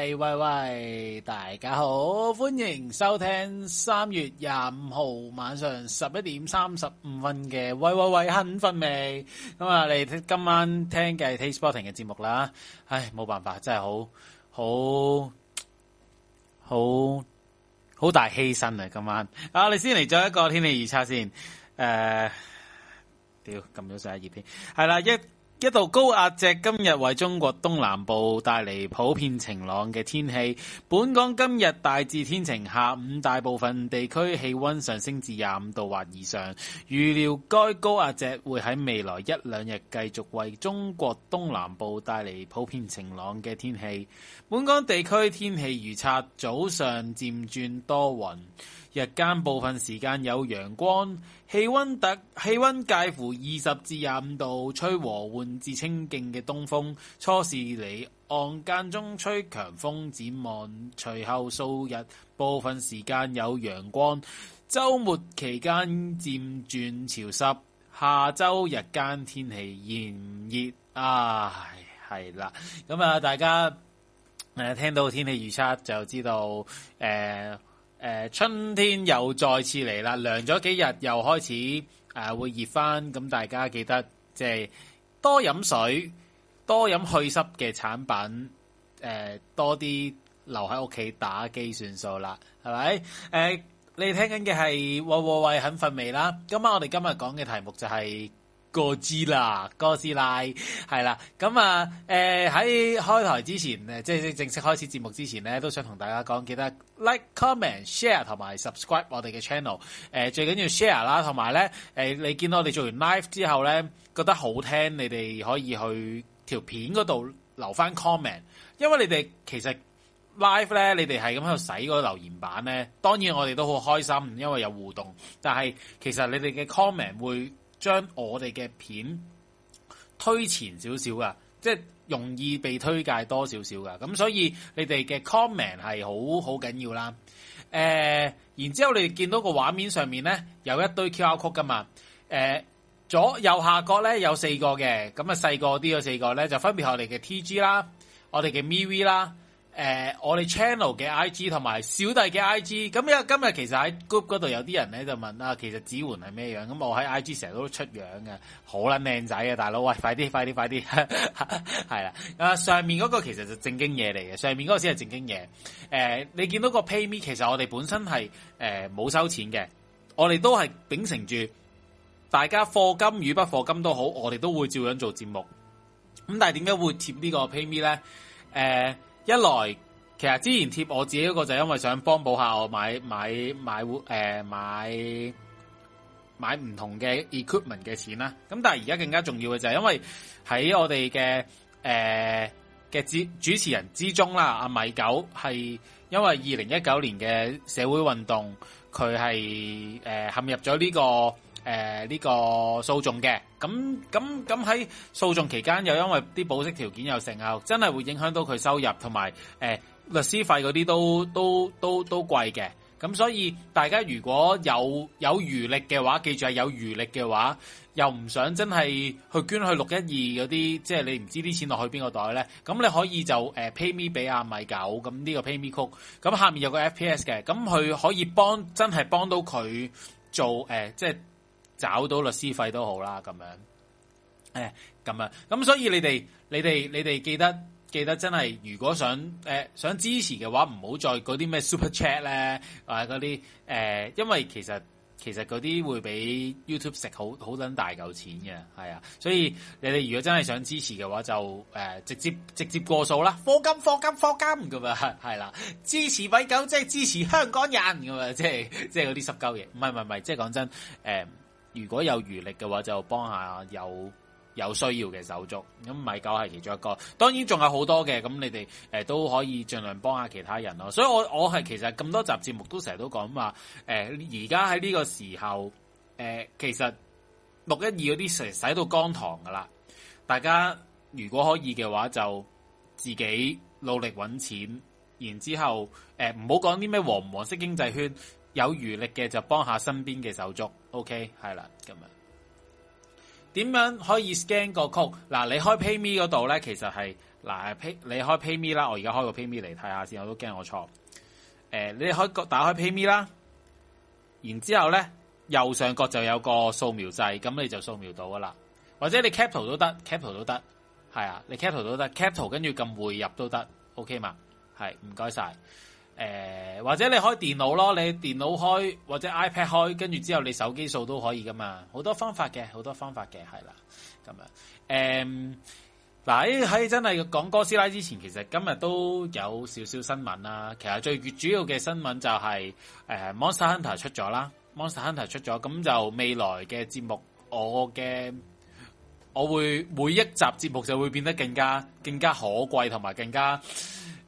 喂喂喂，大家好，歡迎收聽三月廿五號晚上十一點三十五分嘅喂喂喂，肯瞓未？咁啊，你今晚聽嘅係 TasteBoating 嘅節目啦。唉，冇辦法，真係好好好好大犧牲啊！今晚啊，你先嚟做一個天氣預測先。誒，屌，撳咗晒葉片，係啦一。一道高壓脊今日為中國東南部帶嚟普遍晴朗嘅天氣。本港今日大致天晴，下午大部分地區氣温上升至廿五度或以上。預料該高壓脊會喺未來一兩日繼續為中國東南部帶嚟普遍晴朗嘅天氣。本港地區天氣預測：早上漸轉多雲。日間部分時間有陽光，氣溫達氣溫介乎二十至廿五度，吹和緩至清勁嘅東風。初時離岸間中吹強風，展望隨後數日部分時間有陽光。周末期間漸轉潮濕，下周日間天氣炎熱。唉，係啦，咁、嗯、啊，大家誒、嗯、聽到天氣預測就知道誒。嗯誒、呃，春天又再次嚟啦，涼咗幾日又開始誒、呃，會熱翻，咁大家記得即係多飲水，多飲去濕嘅產品，誒、呃，多啲留喺屋企打機算數啦，係咪？誒、呃，你聽緊嘅係喂喂喂，肯瞓未啦？今晚我哋今日講嘅題目就係、是。哥斯拉，哥斯拉，係啦，咁啊，誒、呃、喺開台之前，誒即係正式開始節目之前咧，都想同大家講，記得 like、comment、share、comment、呃、share 同埋 subscribe 我哋嘅 channel。誒最緊要 share 啦，同埋咧誒你見到我哋做完 live 之後咧，覺得好聽，你哋可以去條片嗰度留翻 comment，因為你哋其實 live 咧，你哋係咁喺度洗嗰個留言板咧，當然我哋都好開心，因為有互動，但係其實你哋嘅 comment 會將我哋嘅片推前少少噶，即係容易被推介多少少噶。咁所以你哋嘅 comment 係好好緊要啦。誒、呃，然之後你哋見到個畫面上面咧有一堆 QR code 噶嘛。誒、呃，左右下角咧有四個嘅，咁啊，細個啲有四個咧就分別我哋嘅 TG 啦，我哋嘅 MV 啦。誒、呃，我哋 channel 嘅 IG 同埋小弟嘅 IG，咁、嗯、因為今日其實喺 group 嗰度有啲人咧就問啦、啊，其實指環係咩樣？咁、嗯、我喺 IG 成日都出樣嘅，好啦、啊，靚仔啊大佬，喂，快啲，快啲，快啲，係 啦，誒、嗯，上面嗰個其實就正經嘢嚟嘅，上面嗰個先係正經嘢。誒、呃，你見到個 pay me，其實我哋本身係誒冇收錢嘅，我哋都係秉承住大家課金與不課金都好，我哋都會照樣做節目。咁、嗯、但係點解會貼呢個 pay me 咧？誒、呃。一來，其實之前貼我自己嗰個就係因為想幫補下我買買買活誒、呃、買買唔同嘅 equipment 嘅錢啦。咁但係而家更加重要嘅就係因為喺我哋嘅誒嘅主主持人之中啦，阿米九係因為二零一九年嘅社會運動，佢係誒陷入咗呢、這個。誒，呢、呃這個訴訟嘅，咁咁咁喺訴訟期間，又因為啲保釋條件又成啊，真係會影響到佢收入，同埋誒律師費嗰啲都都都都貴嘅。咁所以大家如果有有餘力嘅話，記住係有餘力嘅話，又唔想真係去捐去六一二嗰啲，即係你唔知啲錢落去邊個袋咧。咁你可以就誒 pay me 俾阿米九，咁呢個 pay me 曲，咁、啊、下面有個 FPS 嘅，咁佢可以幫真係幫到佢做誒、呃，即係。找到律師費都好啦，咁樣，誒，咁啊，咁所以你哋，你哋，你哋記得記得，記得真係如果想誒、呃、想支持嘅話，唔好再嗰啲咩 Super Chat 咧，啊嗰啲誒，因為其實其實嗰啲會俾 YouTube 食好好撚大嚿錢嘅，係啊，所以你哋如果真係想支持嘅話，就誒、呃、直接直接過數啦，課金課金課金咁啊，係啦，支持米狗，即係支持香港人咁啊，即係即係嗰啲濕鳩嘢，唔係唔係唔係，即係講真誒。呃如果有餘力嘅話，就幫下有有需要嘅手足。咁米九係其中一個，當然仲有好多嘅。咁你哋誒、呃、都可以盡量幫下其他人咯。所以我我係其實咁多集節目都成日都講啊，誒而家喺呢個時候，誒、呃、其實六一二嗰啲成使到乾塘噶啦。大家如果可以嘅話，就自己努力揾錢，然之後誒唔好講啲咩黃黃色經濟圈。有餘力嘅就幫下身邊嘅手足，OK 係啦咁樣。點樣可以 scan 個曲？嗱，你開 PayMe 嗰度咧，其實係嗱 p 你開 PayMe 啦。我而家開個 PayMe 嚟睇下先，我都驚我錯。誒、呃，你開個打開 PayMe 啦，然之後咧右上角就有個掃描掣，咁你就掃描到噶啦。或者你 Capture 都得，Capture 都得，係啊，你 Capture 都得，Capture 跟住撳匯入都得，OK 嘛？係，唔該晒。謝謝誒、呃，或者你開電腦咯，你電腦開或者 iPad 開，跟住之後你手機掃都可以噶嘛，好多方法嘅，好多方法嘅係啦，咁啊，誒，嗱喺喺真係講哥斯拉之前，其實今日都有少少新聞啦、啊。其實最主要嘅新聞就係、是、誒、呃、Monster Hunter 出咗啦，Monster Hunter 出咗，咁就未來嘅節目，我嘅我會每一集節目就會變得更加更加可貴同埋更加。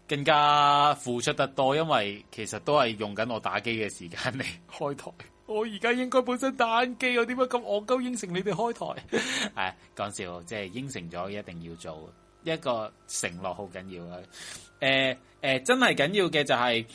更加付出得多，因為其實都係用緊我打機嘅時間嚟開台。我而家應該本身打緊機，我點解咁惡鳩應承你哋開台？誒、 啊，講笑，即係應承咗一定要做，一個承諾好緊要啊！誒、啊、誒，真係緊要嘅就係、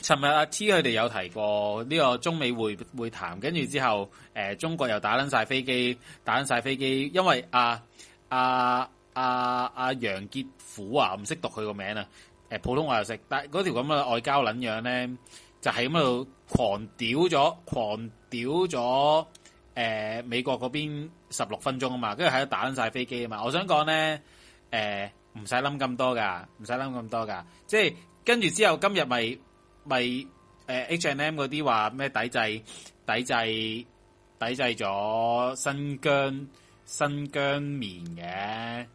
是，尋日阿 T 佢哋有提過呢個中美會會談，跟住之後，誒、啊，中國又打甩晒飛機，打甩晒飛機，因為啊啊！啊阿阿楊潔虎啊，唔識讀佢個名啊，誒普通話又識，但係嗰條咁嘅外交撚樣咧，就係咁喺度狂屌咗，狂屌咗誒美國嗰邊十六分鐘啊嘛，跟住喺度打緊曬飛機啊嘛，我想講咧，誒唔使諗咁多噶，唔使諗咁多噶，即係跟住之後今日咪咪誒 H and M 嗰啲話咩抵制，抵制，抵制咗新疆新疆棉嘅。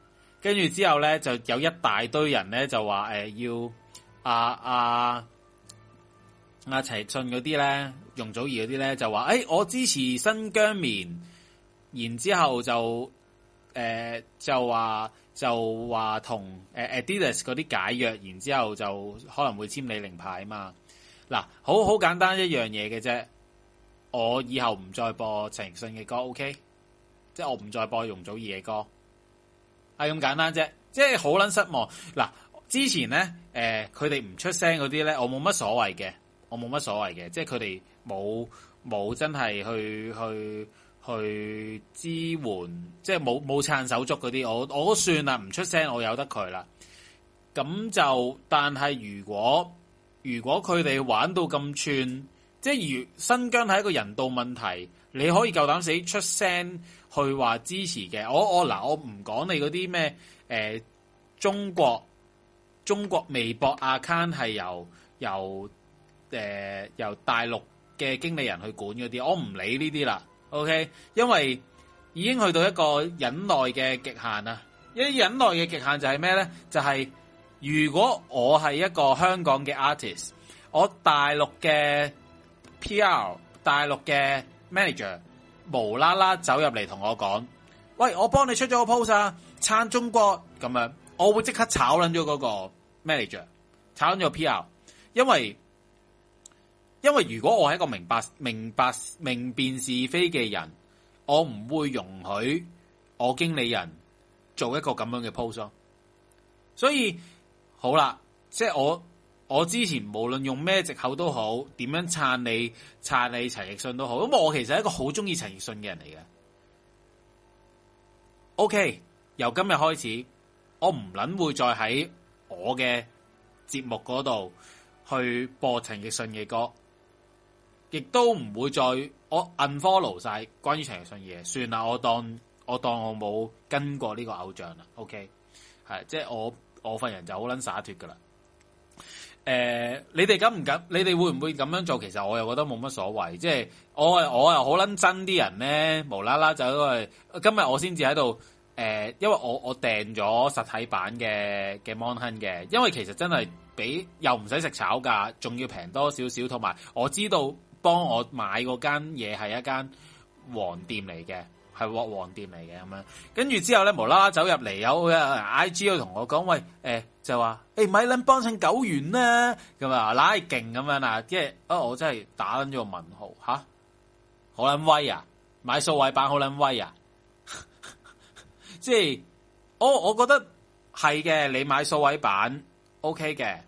跟住之後咧，就有一大堆人咧就話誒、呃、要阿阿阿陳奕迅嗰啲咧，容祖兒嗰啲咧就話誒、欸，我支持新疆棉。然之後就誒、呃、就話就話同誒、呃、Adidas 嗰啲解約，然之後就可能會簽你名牌嘛。嗱，好好簡單一樣嘢嘅啫，我以後唔再播陳奕迅嘅歌，OK？即係我唔再播容祖兒嘅歌。係咁、啊、簡單啫，即係好撚失望。嗱，之前咧，誒、呃，佢哋唔出聲嗰啲咧，我冇乜所謂嘅，我冇乜所謂嘅，即係佢哋冇冇真係去去去支援，即係冇冇撐手足嗰啲，我我都算啦，唔出聲我由得佢啦。咁就，但係如果如果佢哋玩到咁串，即係如新疆係一個人道問題，你可以夠膽死出聲。去話支持嘅，我我嗱，我唔講你嗰啲咩，誒中國中國微博 account 係由由誒、呃、由大陸嘅經理人去管嗰啲，我唔理呢啲啦。OK，因為已經去到一個忍耐嘅極限啦。一忍耐嘅極限就係咩咧？就係、是，如果我係一個香港嘅 artist，我大陸嘅 PR、大陸嘅 manager。無啦啦走入嚟同我講，喂，我幫你出咗個 post 啊，撐中國咁樣，我會即刻炒捻咗嗰個 manager，炒捻咗 PR，因為因為如果我係一個明白明白，明白，明辨是非嘅人，我唔會容許我經理人做一個咁樣嘅 post 咯，所以好啦，即係我。我之前無論用咩借口都好，點樣撐你、撐你陳奕迅都好，咁我其實係一個好中意陳奕迅嘅人嚟嘅。OK，由今日開始，我唔捻會再喺我嘅節目嗰度去播陳奕迅嘅歌，亦都唔會再我 unfollow 晒關於陳奕迅嘅嘢。算啦，我當我當我冇跟過呢個偶像啦。O K，係即係我我份人就好捻灑脱噶啦。誒，你哋敢唔敢？你哋會唔會咁樣做？其實我又覺得冇乜所謂。即係我，我又好捻憎啲人咧，無啦啦走，因為今日我先至喺度誒，因為我我訂咗實體版嘅嘅 Monhan 嘅，因為其實真係比又唔使食炒價，仲要平多少少。同埋我知道幫我買嗰間嘢係一間黃店嚟嘅，係鑊黃店嚟嘅咁樣。跟住之後咧，無啦啦走入嚟有 IG 去同我講喂誒。就話誒，咪諗幫襯九元啦，咁啊拉勁咁樣啊，即係啊我真係打咗個問號吓，好捻威啊，買數位版好捻威啊， 即係哦，我覺得係嘅，你買數位版 OK 嘅，誒、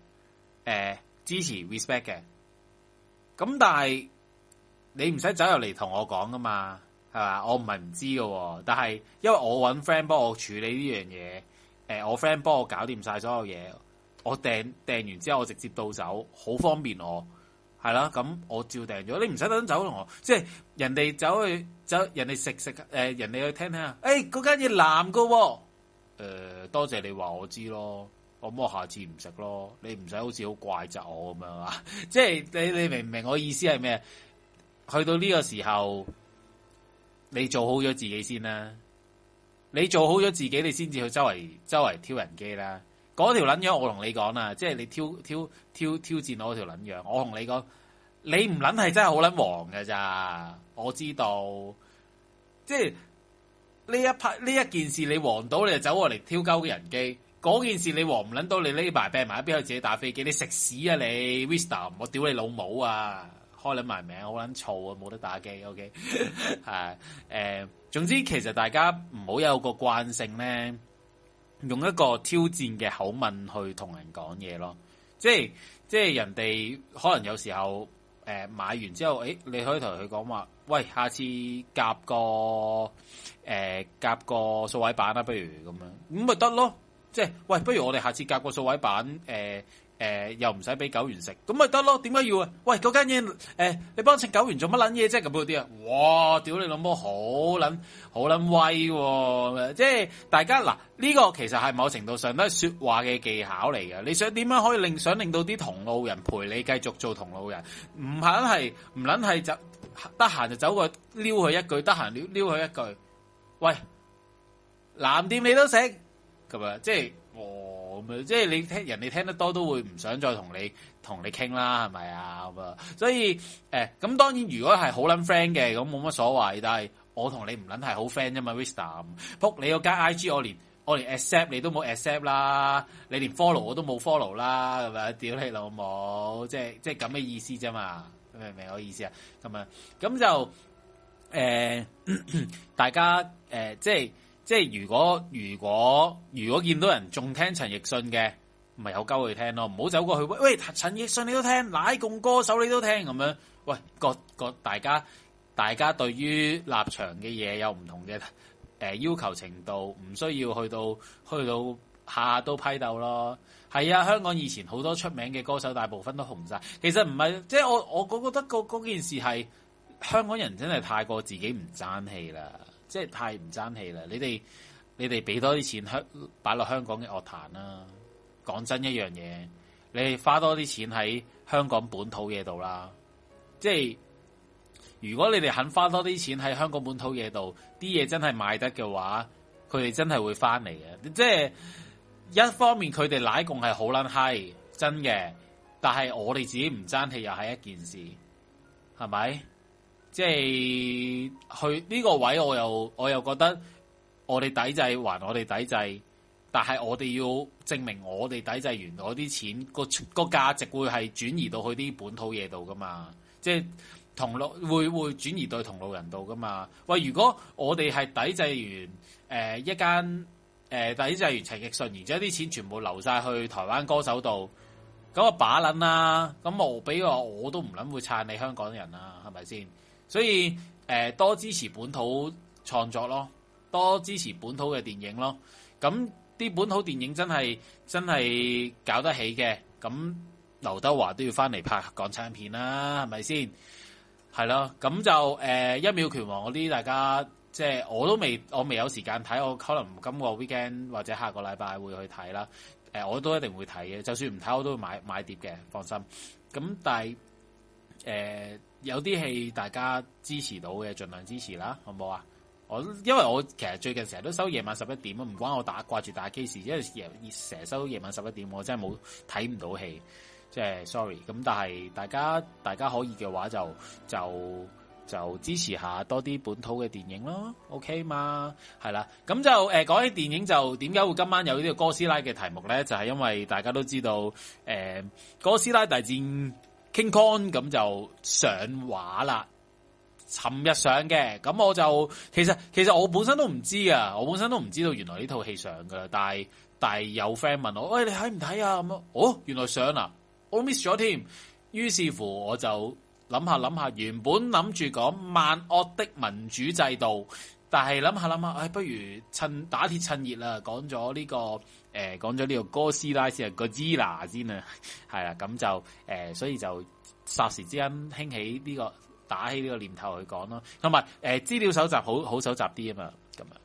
呃、支持 respect 嘅，咁但係你唔使走入嚟同我講噶嘛，係嘛？我唔係唔知噶，但係因為我搵 friend 幫我處理呢樣嘢。誒，我 friend 幫我搞掂晒所有嘢，我訂訂完之後我直接到走，好方便我係啦。咁我照訂咗，你唔使等走同我。即係人哋走去走，人哋食食誒，人哋去聽聽啊。誒，嗰間嘢難噶，誒，多謝你話我知咯，咯我冇下次唔食咯。你唔使好似好怪責我咁樣啊！即係你你明唔明我意思係咩？去到呢個時候，你做好咗自己先啦。你做好咗自己，你先至去周圍周圍挑人機啦。嗰條撚樣，我同你講啊，即係你挑挑挑挑戰我條撚樣。我同你講，你唔撚係真係好撚黃嘅咋？我知道，即係呢一呢一件事你，你黃到你就走過嚟挑鳩嘅人機。嗰件事你黃唔撚到，你匿埋病埋一邊去自己打飛機。你食屎啊你！你 Wisdom 我屌你老母啊！開捻埋名，我好捻燥啊！冇得打機，OK 係誒，總之其實大家唔好有個慣性咧，用一個挑戰嘅口吻去同人講嘢咯。即係即係人哋可能有時候誒、呃、買完之後，誒、欸、你可以同佢講話，喂，下次夾個誒夾、呃、個數位板啦，不如咁樣，咁咪得咯。即係喂，不如我哋下次夾個數位板誒。呃誒、呃，又唔使俾狗員食，咁咪得咯？點解要啊？喂，嗰間嘢，誒、呃，你幫我食狗員做乜卵嘢啫？咁嗰啲啊，哇，屌你老母，好卵好卵威！即係、啊就是、大家嗱，呢、這個其實係某程度上都係說話嘅技巧嚟嘅。你想點樣可以令想令到啲同路人陪你繼續做同路人？唔肯係唔捻係就得閒就走過撩佢一句，得閒撩撩佢一句，喂，藍店你都食咁啊？即係哦。就是即係你聽人哋聽得多都會唔想再同你同你傾啦係咪啊咁啊所以誒咁、欸、當然如果係好捻 friend 嘅咁冇乜所謂但係我同你唔捻係好 friend 啫嘛 Ristam 仆 你個街 I G 我連我連 accept 你都冇 accept 啦你連 follow 我都冇 follow 啦係咪屌你老母即係即係咁嘅意思啫嘛明唔明我意思啊咁啊咁就誒、呃、 大家誒、呃、即係。即係如果如果如果見到人仲聽陳奕迅嘅，咪有鳩佢聽咯，唔好走過去喂，喂陳奕迅你都聽，乃共歌手你都聽咁樣，喂各各大家大家對於立場嘅嘢，有唔同嘅誒、呃、要求程度，唔需要，去到去到下下都批鬥咯。係啊，香港以前好多出名嘅歌手大部分都紅晒，其實唔係，即係我我覺得嗰件事係香港人真係太過自己唔爭氣啦。即係太唔爭氣啦！你哋你哋俾多啲錢香擺落香港嘅樂壇啦。講真一樣嘢，你哋花多啲錢喺香港本土嘢度啦。即係如果你哋肯花多啲錢喺香港本土嘢度，啲嘢真係買得嘅話，佢哋真係會翻嚟嘅。即係一方面佢哋奶共係好撚閪，真嘅，但係我哋自己唔爭氣又係一件事，係咪？即係去呢個位，我又我又覺得我哋抵制還我哋抵制，但係我哋要證明我哋抵制完我啲錢的個個價值會係轉移到去啲本土嘢度噶嘛？即係同路會會轉移到同路人度噶嘛？喂，如果我哋係抵制完誒、呃、一間誒、呃、抵制完陳奕迅，然之後啲錢全部流晒去台灣歌手度，咁啊把捻啦，咁我比話我都唔諗會撐你香港人啊，係咪先？所以誒、呃，多支持本土創作咯，多支持本土嘅電影咯。咁啲本土電影真係真係搞得起嘅。咁劉德華都要翻嚟拍港產片啦，係咪先？係咯。咁、嗯、就誒、呃《一秒拳王》嗰啲，大家即係我都未，我未有時間睇，我可能今個 weekend 或者下個禮拜會去睇啦。誒、呃，我都一定會睇嘅。就算唔睇，我都會買買碟嘅，放心。咁、嗯、但係誒、呃有啲戲大家支持到嘅，盡量支持啦，好唔好啊？我因為我其實最近成日都收夜晚十一點啊，唔關我打掛住打機事，因為成日收夜晚十一點，我真係冇睇唔到戲，即係 sorry。咁但係大家大家可以嘅話就就就支持下多啲本土嘅電影咯，OK 嘛？係啦，咁就誒講起電影就點解會今晚有呢個哥斯拉嘅題目咧？就係因為大家都知道誒哥斯拉大戰。King Kong 咁就上畫啦，尋日上嘅，咁我就其實其實我本身都唔知啊，我本身都唔知道原來呢套戲上㗎，但係但係有 friend 問我，喂，你睇唔睇啊？咁啊，哦原來上啦，我 miss 咗添，於是乎我就諗下諗下，原本諗住講萬惡的民主制度，但係諗下諗下，唉、哎、不如趁打鐵趁熱啊，講咗呢個。誒，講咗呢個哥斯拉先啊，個 zilla 先啊，係啦、 嗯，咁就誒，所以就霎時之間興起呢個打起呢個念頭去講咯，同埋誒資料搜集好好搜集啲啊嘛，咁啊，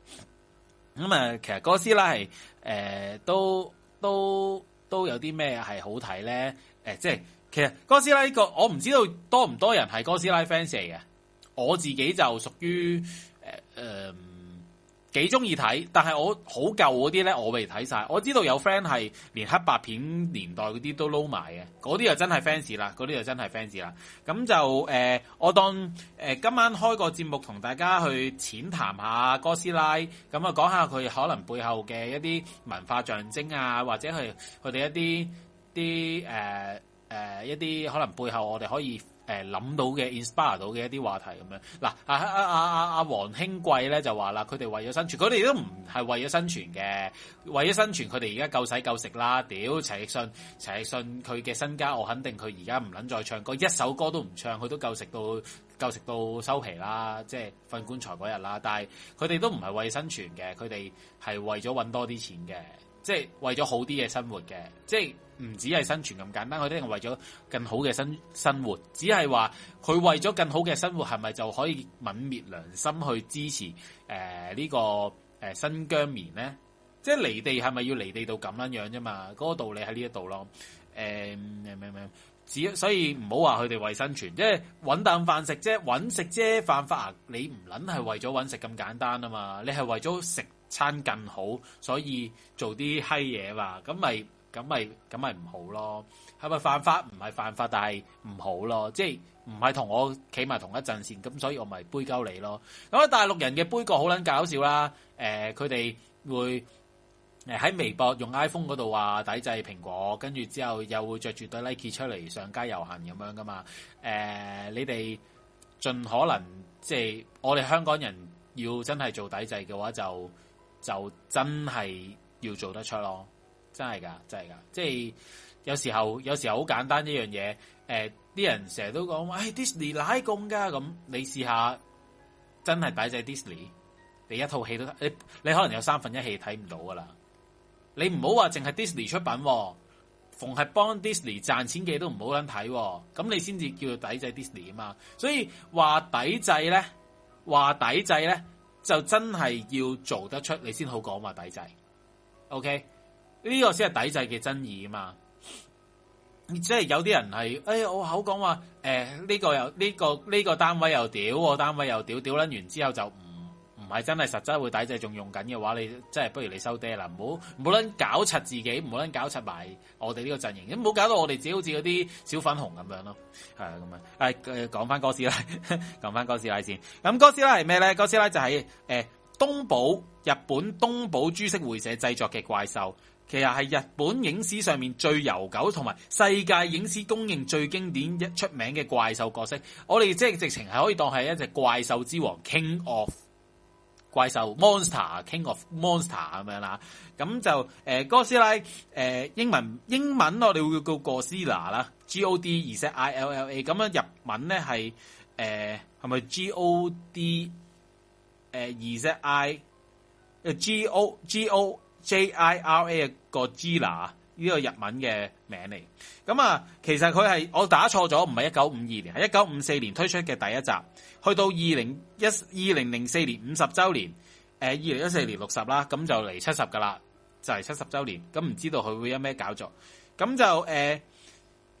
咁啊，其實哥斯拉係誒、呃，都都都有啲咩係好睇咧？誒、呃，即係其實哥斯拉呢、這個，我唔知道多唔多人係哥斯拉 fans 嚟嘅。我自己就屬於誒誒。呃呃幾中意睇，但係我好舊嗰啲咧，我未睇晒。我知道有 friend 係連黑白片年代嗰啲都撈埋嘅，嗰啲就真係 fans 啦，嗰啲就真係 fans 啦。咁就誒、呃，我當誒、呃、今晚開個節目同大家去淺談下哥斯拉，咁啊講下佢可能背後嘅一啲文化象徵啊，或者係佢哋一啲啲誒誒一啲、呃呃、可能背後我哋可以。誒諗到嘅 inspire 到嘅一啲話題咁樣，嗱啊啊啊啊啊！黃、啊啊啊、興貴咧就話啦，佢哋為咗生存，佢哋都唔係為咗生存嘅，為咗生存，佢哋而家夠使夠食啦。屌陳奕迅，陳奕迅佢嘅身家，我肯定佢而家唔撚再唱歌，一首歌都唔唱，佢都夠食到夠食到，夠食到收皮啦，即係瞓棺材嗰日啦。但係佢哋都唔係為生存嘅，佢哋係為咗搵多啲錢嘅，即係為咗好啲嘅生活嘅，即係。唔止係生存咁簡單，佢哋係為咗更好嘅生生活，只係話佢為咗更好嘅生活，係咪就可以泯滅良心去支持誒呢、呃這個誒、呃、新疆棉咧？即係離地係咪要離地到咁樣樣啫嘛？嗰、那個道理喺呢一度咯。誒、呃，咩咩咩，只所以唔好話佢哋為生存，即係搵啖飯食啫，搵食啫，犯法呀你唔撚係為咗搵食咁簡單啊嘛？你係為咗食餐更好，所以做啲閪嘢嘛？咁咪。咁咪咁咪唔好咯？係咪犯法？唔係犯法，但係唔好咯？即係唔係同我企埋同一陣線，咁所以我咪杯鳩你咯。咁啊，大陸人嘅杯葛好撚搞笑啦！誒、呃，佢哋會誒喺微博用 iPhone 嗰度話抵制蘋果，跟住之後又會着住對 Nike 出嚟上街遊行咁樣噶嘛？誒、呃，你哋盡可能即係我哋香港人要真係做抵制嘅話就，就就真係要做得出咯。真係噶，真係噶，即係有時候，有時候好簡單一樣嘢。誒、呃，啲人成日都講，喂 Disney 奶咁噶，咁、嗯、你試下，真係抵制 Disney，你一套戲都，你你可能有三分一戲睇唔到噶啦。你唔好話淨係 Disney 出品，啊，逢係幫 Disney 賺錢嘅都唔好諗睇，啊，咁、嗯、你先至叫做抵制 Disney 啊嘛。所以話抵制咧，話抵制咧，就真係要做得出，你先好講話抵制。OK。呢個先係抵制嘅爭議啊嘛！即係有啲人係，哎我口講話，誒、哎，呢、這個又呢、這個呢、這個單位又屌，單位又屌，屌撚完之後就唔唔係真係實質會抵制，仲用緊嘅話，你即係不如你收爹啦！唔好唔好捻搞柒自己，唔好捻搞柒埋我哋呢個陣營，咁唔好搞到我哋自己好似嗰啲小粉紅咁樣咯。係啊，咁、哎、樣，誒，講翻哥斯拉，講 翻哥斯拉先。咁哥斯拉係咩咧？哥斯拉就係、是、誒、呃、東寶日本東寶株式會社製作嘅怪獸。其實係日本影史上面最悠久，同埋世界影史公認最經典一出名嘅怪獸角色。我哋即係直情係可以當係一隻怪獸之王 King of 怪獸 Monster，King of Monster 咁樣啦。咁就誒、呃、哥斯拉，誒、呃、英文英文我哋會叫哥斯拉啦，G O D，Z I L L A。咁樣日文咧係誒係咪 G O D？誒 Z I，誒 G O G O。D Z I L L A, J.I.R.A. 個 Gojira 呢個日文嘅名嚟咁啊，其實佢係我打錯咗，唔係一九五二年，係一九五四年推出嘅第一集。去到二零一二零零四年五十週年，誒二零一四年六十啦，咁、呃嗯、就嚟七十㗎喇，就係七十週年。咁、嗯、唔知道佢會有咩搞作咁、嗯嗯、就誒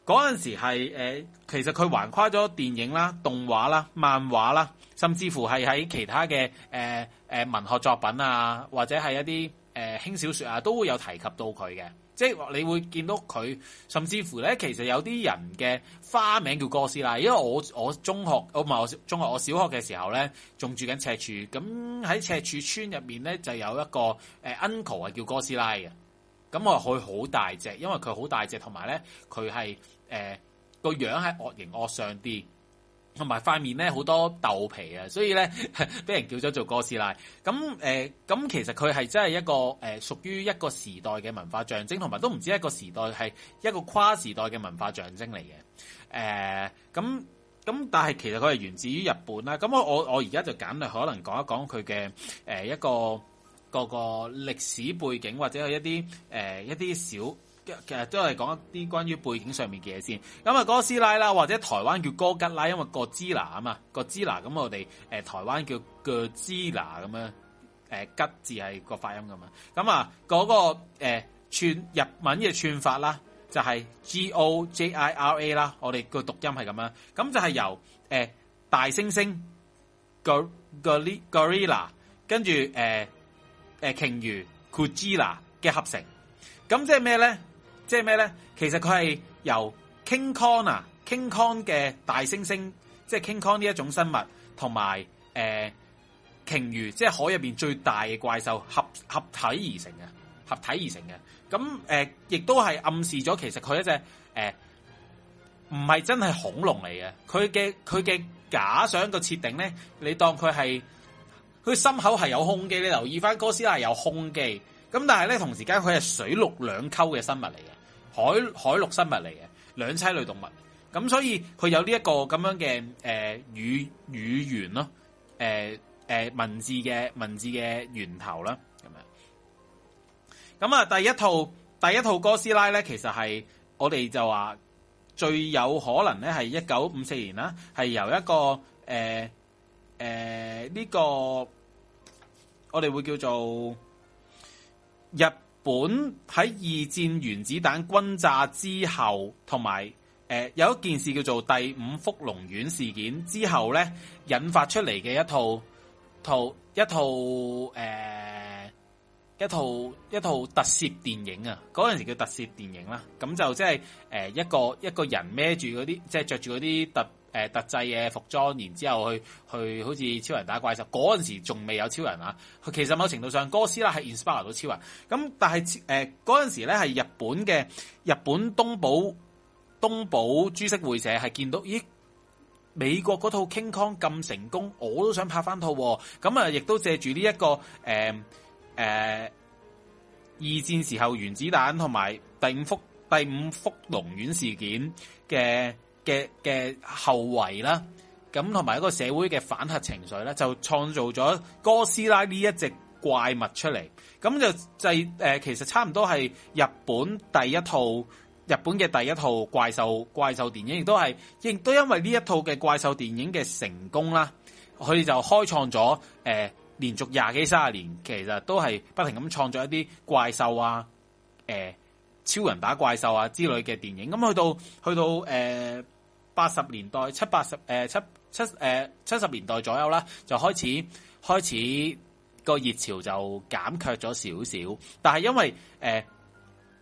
嗰陣時係、呃、其實佢橫跨咗電影啦、動畫啦、漫畫啦，甚至乎係喺其他嘅誒誒文學作品啊，或者係一啲。誒、呃、輕小說啊，都會有提及到佢嘅，即係你會見到佢，甚至乎咧，其實有啲人嘅花名叫哥斯拉，因為我我中學，唔係我，我中學，我小學嘅時候咧，仲住緊赤柱，咁喺赤柱村入面咧就有一個誒、呃、uncle 係叫哥斯拉嘅，咁我話佢好大隻，因為佢好大隻，同埋咧佢係誒個樣係惡形惡相啲。同埋塊面咧好多豆皮啊，所以咧俾 人叫咗做哥斯拉。咁誒咁其實佢係真係一個誒、呃、屬於一個時代嘅文化象徵，同埋都唔止一個時代係一個跨時代嘅文化象徵嚟嘅。誒咁咁，但係其實佢係源自於日本啦、啊。咁我我我而家就簡略可能講一講佢嘅誒一個嗰個歷史背景，或者係一啲誒、呃、一啲小。其實都係講一啲關於背景上面嘅嘢先。咁啊，哥斯拉啦，或者台灣叫哥吉拉，因為哥支拿啊嘛，哥支拿。咁我哋誒、呃，台灣叫哥支拿咁樣，誒、呃，吉字係個發音噶嘛。咁啊，嗰、那個誒、呃，串日文嘅串法啦，就係、是、G O J I R A 啦，我哋個讀音係咁樣。咁就係由誒、呃，大猩猩 gor gorilla 跟住誒誒鯨魚 kujira 嘅合成。咁即係咩咧？即係咩咧？其實佢係由 King Kong 啊 King Kong 嘅大猩猩，即係 King Kong 呢一種生物，同埋誒鯨魚，即係海入邊最大嘅怪獸合合體而成嘅，合體而成嘅。咁誒、嗯呃，亦都係暗示咗其實佢一隻誒唔係真係恐龍嚟嘅。佢嘅佢嘅假想個設定咧，你當佢係佢心口係有胸肌，你留意翻哥斯拉係有胸肌。咁但係咧，同時間佢係水陸兩溝嘅生物嚟嘅。海海陸生物嚟嘅兩棲類動物，咁所以佢有呢一個咁樣嘅誒、呃、語語言咯，誒、呃、誒、呃、文字嘅文字嘅源頭啦，咁樣。咁啊，第一套第一套哥斯拉咧，其實係我哋就話最有可能咧係一九五四年啦，係由一個誒誒呢個我哋會叫做日。本喺二戰原子彈轟炸之後，同埋誒有一件事叫做第五福龍丸事件之後咧，引發出嚟嘅一套套一套誒、呃、一套一套特攝電影啊！嗰陣時叫特攝電影啦，咁就即係誒一個一個人孭住嗰啲即係着住嗰啲特。誒特製嘅服裝，然之後去去好似超人打怪獸，嗰陣時仲未有超人啊！其實某程度上哥斯拉係 inspire 到超人。咁但係誒嗰陣時咧係日本嘅日本東寶東寶株式會社係見到咦美國嗰套 King Kong 咁成功，我都想拍翻套。咁啊、這個，亦都借住呢一個誒誒二戰時候原子彈同埋第五福第五福龍丸事件嘅。嘅嘅後遺啦，咁同埋一個社會嘅反核情緒咧，就創造咗哥斯拉呢一隻怪物出嚟，咁就就誒、呃、其實差唔多係日本第一套日本嘅第一套怪獸怪獸電影，亦都係亦都因為呢一套嘅怪獸電影嘅成功啦，佢哋就開創咗誒、呃、連續廿幾三十年，其實都係不停咁創作一啲怪獸啊誒。呃超人打怪獸啊之類嘅電影，咁、嗯、去到去到誒八十年代七八十誒、呃、七七誒七十年代左右啦，就開始開始個熱潮就減卻咗少少，但係因為誒、呃、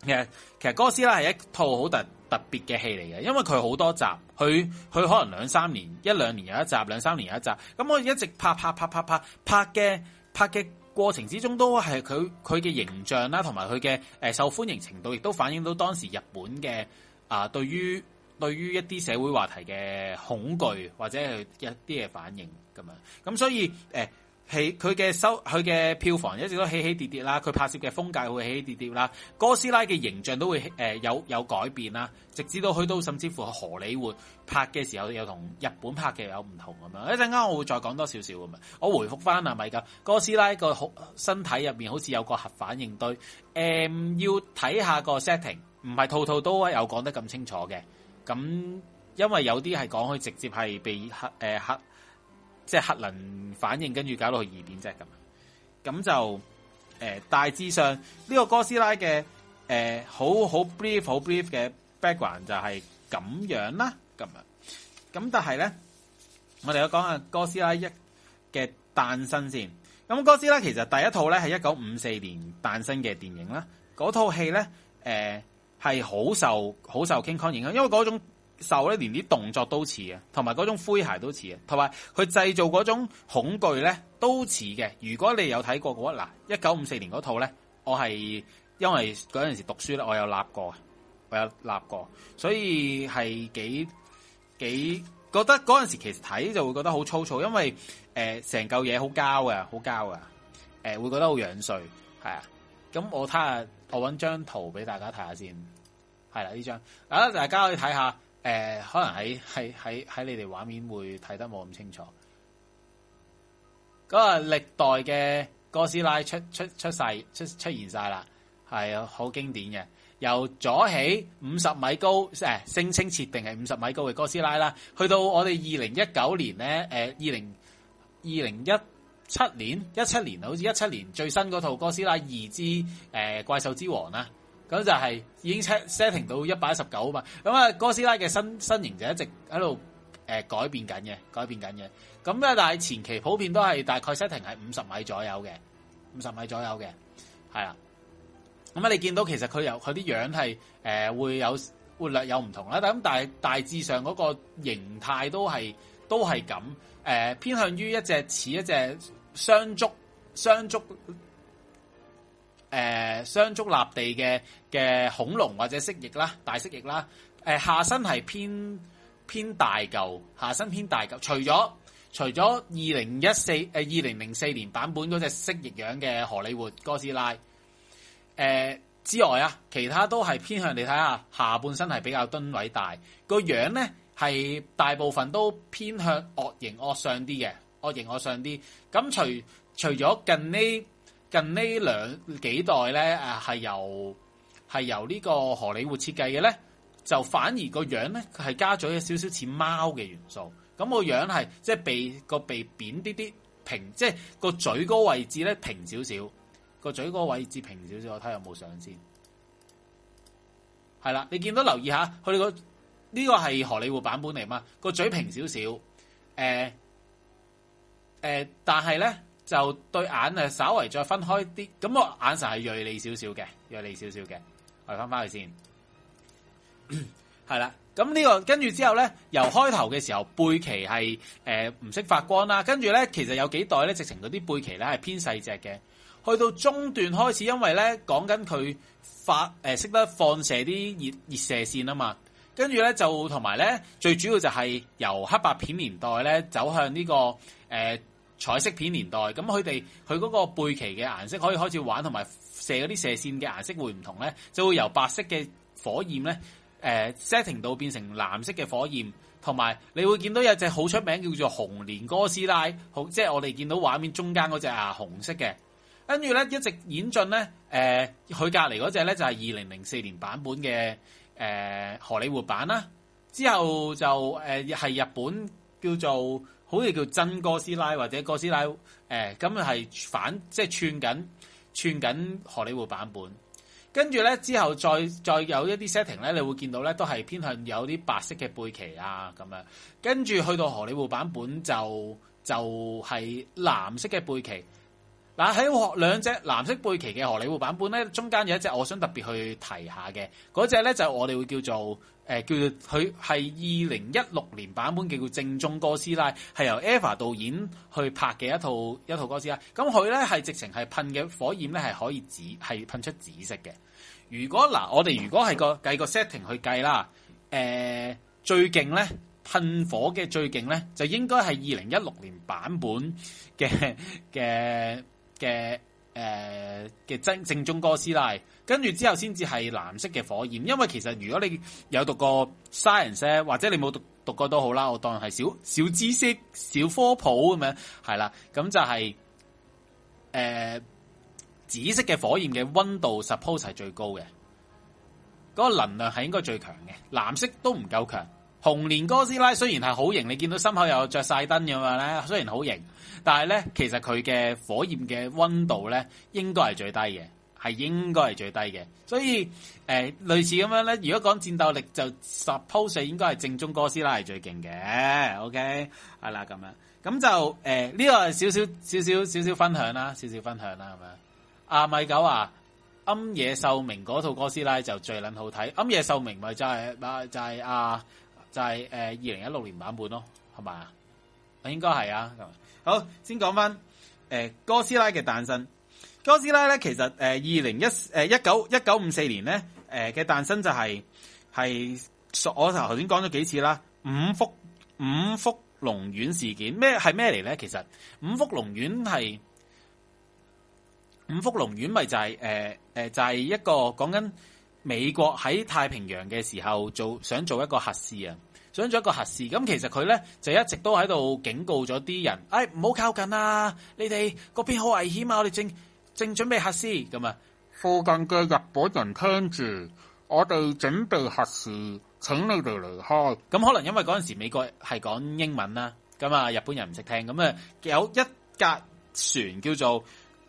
其實其實哥斯拉係一套好特特別嘅戲嚟嘅，因為佢好多集，佢佢可能兩三年一兩年有一集，兩三年有一集，咁、嗯、我一直拍拍拍拍拍拍嘅拍嘅。過程之中都係佢佢嘅形象啦，同埋佢嘅誒受歡迎程度，亦都反映到當時日本嘅啊、呃、對於對於一啲社會話題嘅恐懼或者係一啲嘅反應咁樣，咁所以誒，呃係佢嘅收佢嘅票房一直都起起跌跌啦，佢拍攝嘅風格會起起跌跌啦，哥斯拉嘅形象都會誒、呃、有有改變啦，直至到去到甚至乎荷里活拍嘅時候又同日本拍嘅有唔同咁樣，一陣間我會再講多少少咁啊！我回復翻係咪噶哥斯拉個好身體入面好似有個核反應堆，誒、呃、要睇下個 setting，唔係套套都有講得咁清楚嘅，咁因為有啲係講佢直接係被黑誒黑。呃呃即係核能反應，跟住搞到佢異變啫咁，咁就誒、呃、大致上呢、呢個哥斯拉嘅誒好好 brief 好 brief 嘅 background 就係咁樣啦，咁啊，咁但係咧，我哋要講下哥斯拉一嘅誕生先。咁哥斯拉其實第一套咧係一九五四年誕生嘅電影啦，嗰套戲咧誒係好受好受 King Kong 影響，因為嗰種。受咧，連啲動作都似啊，同埋嗰種灰鞋都似啊，同埋佢製造嗰種恐懼咧都似嘅。如果你有睇過嗰嗱一九五四年嗰套咧，我係因為嗰陣時讀書咧，我有立過，我有立過，所以係幾幾覺得嗰陣時其實睇就會覺得好粗糙，因為誒成嚿嘢好膠嘅，好膠嘅，誒、呃、會覺得好樣衰。係啊。咁我睇下，我揾張圖俾大家睇下先，係啦呢張，嗱大家可以睇下。誒、呃，可能喺喺喺喺你哋畫面會睇得冇咁清楚。嗰個歷代嘅哥斯拉出出出世出出現晒啦，係啊，好經典嘅。由左起五十米高誒、呃，聲稱設定係五十米高嘅哥斯拉啦，去到我哋二零一九年咧，誒二零二零一七年一七年好似一七年最新嗰套哥斯拉二之誒、呃、怪獸之王啦。咁就係已經 set setting 到一百一十九啊嘛，咁啊哥斯拉嘅新身形就一直喺度誒改變緊嘅，改變緊嘅。咁咧，但係前期普遍都係大概 setting 係五十米左右嘅，五十米左右嘅，係啊。咁啊，你見到其實佢有佢啲樣係誒、呃、會有會略有唔同啦，但咁但係大致上嗰個形態都係都係咁誒，偏向於一隻似一隻雙足雙足。雙誒，雙足、呃、立地嘅嘅恐龍或者蜥蜴啦，大蜥蜴啦，誒、呃、下身係偏偏大嚿，下身偏大嚿。除咗除咗二零一四誒二零零四年版本嗰隻蜥蜴樣嘅《荷里活哥斯拉》誒、呃、之外啊，其他都係偏向你睇下，下半身係比較噸位大，這個樣咧係大部分都偏向惡形惡相啲嘅，惡形惡相啲。咁除除咗近呢，近呢兩幾代咧，誒、啊、係由係由呢個荷里活設計嘅咧，就反而個樣咧，佢係加咗一少少似貓嘅元素。咁、那個樣係即係鼻個鼻扁啲啲平，即係個嘴嗰個位置咧平少少。個嘴嗰個位置平少少，我睇下有冇相先。係啦，你見到留意下，佢哋、那個呢、這個係荷里活版本嚟嘛？個嘴平少少，誒、呃、誒、呃，但係咧。就對眼誒，稍微再分開啲，咁我眼神係銳利少少嘅，銳利少少嘅，我翻翻去先，係啦。咁 呢、呢個跟住之後咧，由開頭嘅時候，背脊係誒唔識發光啦，跟住咧其實有幾代咧，直情嗰啲背脊咧係偏細隻嘅，去到中段開始，因為咧講緊佢發誒識、呃、得放射啲熱熱射線啊嘛，跟住咧就同埋咧最主要就係由黑白片年代咧走向呢、呢個誒。呃彩色片年代，咁佢哋佢嗰個背鰭嘅顏色可以開始玩，同埋射嗰啲射線嘅顏色會唔同咧，就會由白色嘅火焰咧，誒、呃、setting 到變成藍色嘅火焰，同埋你會見到有隻好出名叫做紅蓮哥斯拉，好即係我哋見到畫面中間嗰隻啊紅色嘅，跟住咧一直演進咧，誒佢隔籬嗰隻咧就係二零零四年版本嘅誒、呃、荷里活版啦，之後就誒係、呃、日本叫做。好似叫真哥斯拉或者哥斯拉，誒、呃，咁係反即係串緊串緊荷里活版本。跟住咧之後再再有一啲 setting 咧，你會見到咧都係偏向有啲白色嘅背鰭啊咁樣。跟住去到荷里活版本就就係藍色嘅背鰭。嗱、啊、喺兩隻藍色背鰭嘅荷里活版本咧，中間有一隻我想特別去提下嘅，嗰隻咧就係我哋會叫做。誒、呃、叫做佢係二零一六年版本嘅，叫做正宗哥斯拉，係由 Eva 導演去拍嘅一套一套哥斯拉。咁佢咧係直情係噴嘅火焰咧係可以紫係噴出紫色嘅。如果嗱、呃，我哋如果係個計個 setting 去計啦，誒、呃、最勁咧噴火嘅最勁咧就應該係二零一六年版本嘅嘅嘅誒嘅真正宗哥斯拉。跟住之後先至係藍色嘅火焰，因為其實如果你有讀過 science 或者你冇讀讀過都好啦，我當係小小知識、小科普咁樣，係啦，咁就係、是、誒、呃、紫色嘅火焰嘅温度 suppose 係最高嘅，嗰、那個能量係應該最強嘅，藍色都唔夠強。紅蓮哥斯拉雖然係好型，你見到心口有着晒燈咁樣咧，雖然好型，但係咧其實佢嘅火焰嘅温度咧應該係最低嘅。係應該係最低嘅，所以誒、呃、類似咁樣咧，如果講戰鬥力就 suppose 應該係正宗哥斯拉係最勁嘅，OK 係啦咁樣，咁就誒呢個係少少少少少少分享啦，少少分享啦，係咪啊？米九啊，庵野秀明嗰套哥斯拉就最捻好睇，庵野秀明咪就係、啊、就係、啊、阿就係誒二零一六年版本咯，係咪啊？應該係啊，好先講翻誒哥斯拉嘅誕生。哥斯拉咧，其實誒，二零一誒一九一九五四年咧，誒嘅誕生就係、是、係我頭頭先講咗幾次啦。五福五福龍院事件咩係咩嚟咧？其實五福龍院係五福龍院、就是，咪、呃呃、就係誒誒就係一個講緊美國喺太平洋嘅時候做想做一個核試啊，想做一個核試。咁、嗯、其實佢咧就一直都喺度警告咗啲人，誒唔好靠近啊！你哋嗰邊好危險啊！我哋正。正準備核試，咁啊！附近嘅日本人聽住，我哋準備核試，請你哋離開。咁可能因為嗰陣時美國係講英文啦，咁啊日本人唔識聽。咁啊有一架船叫做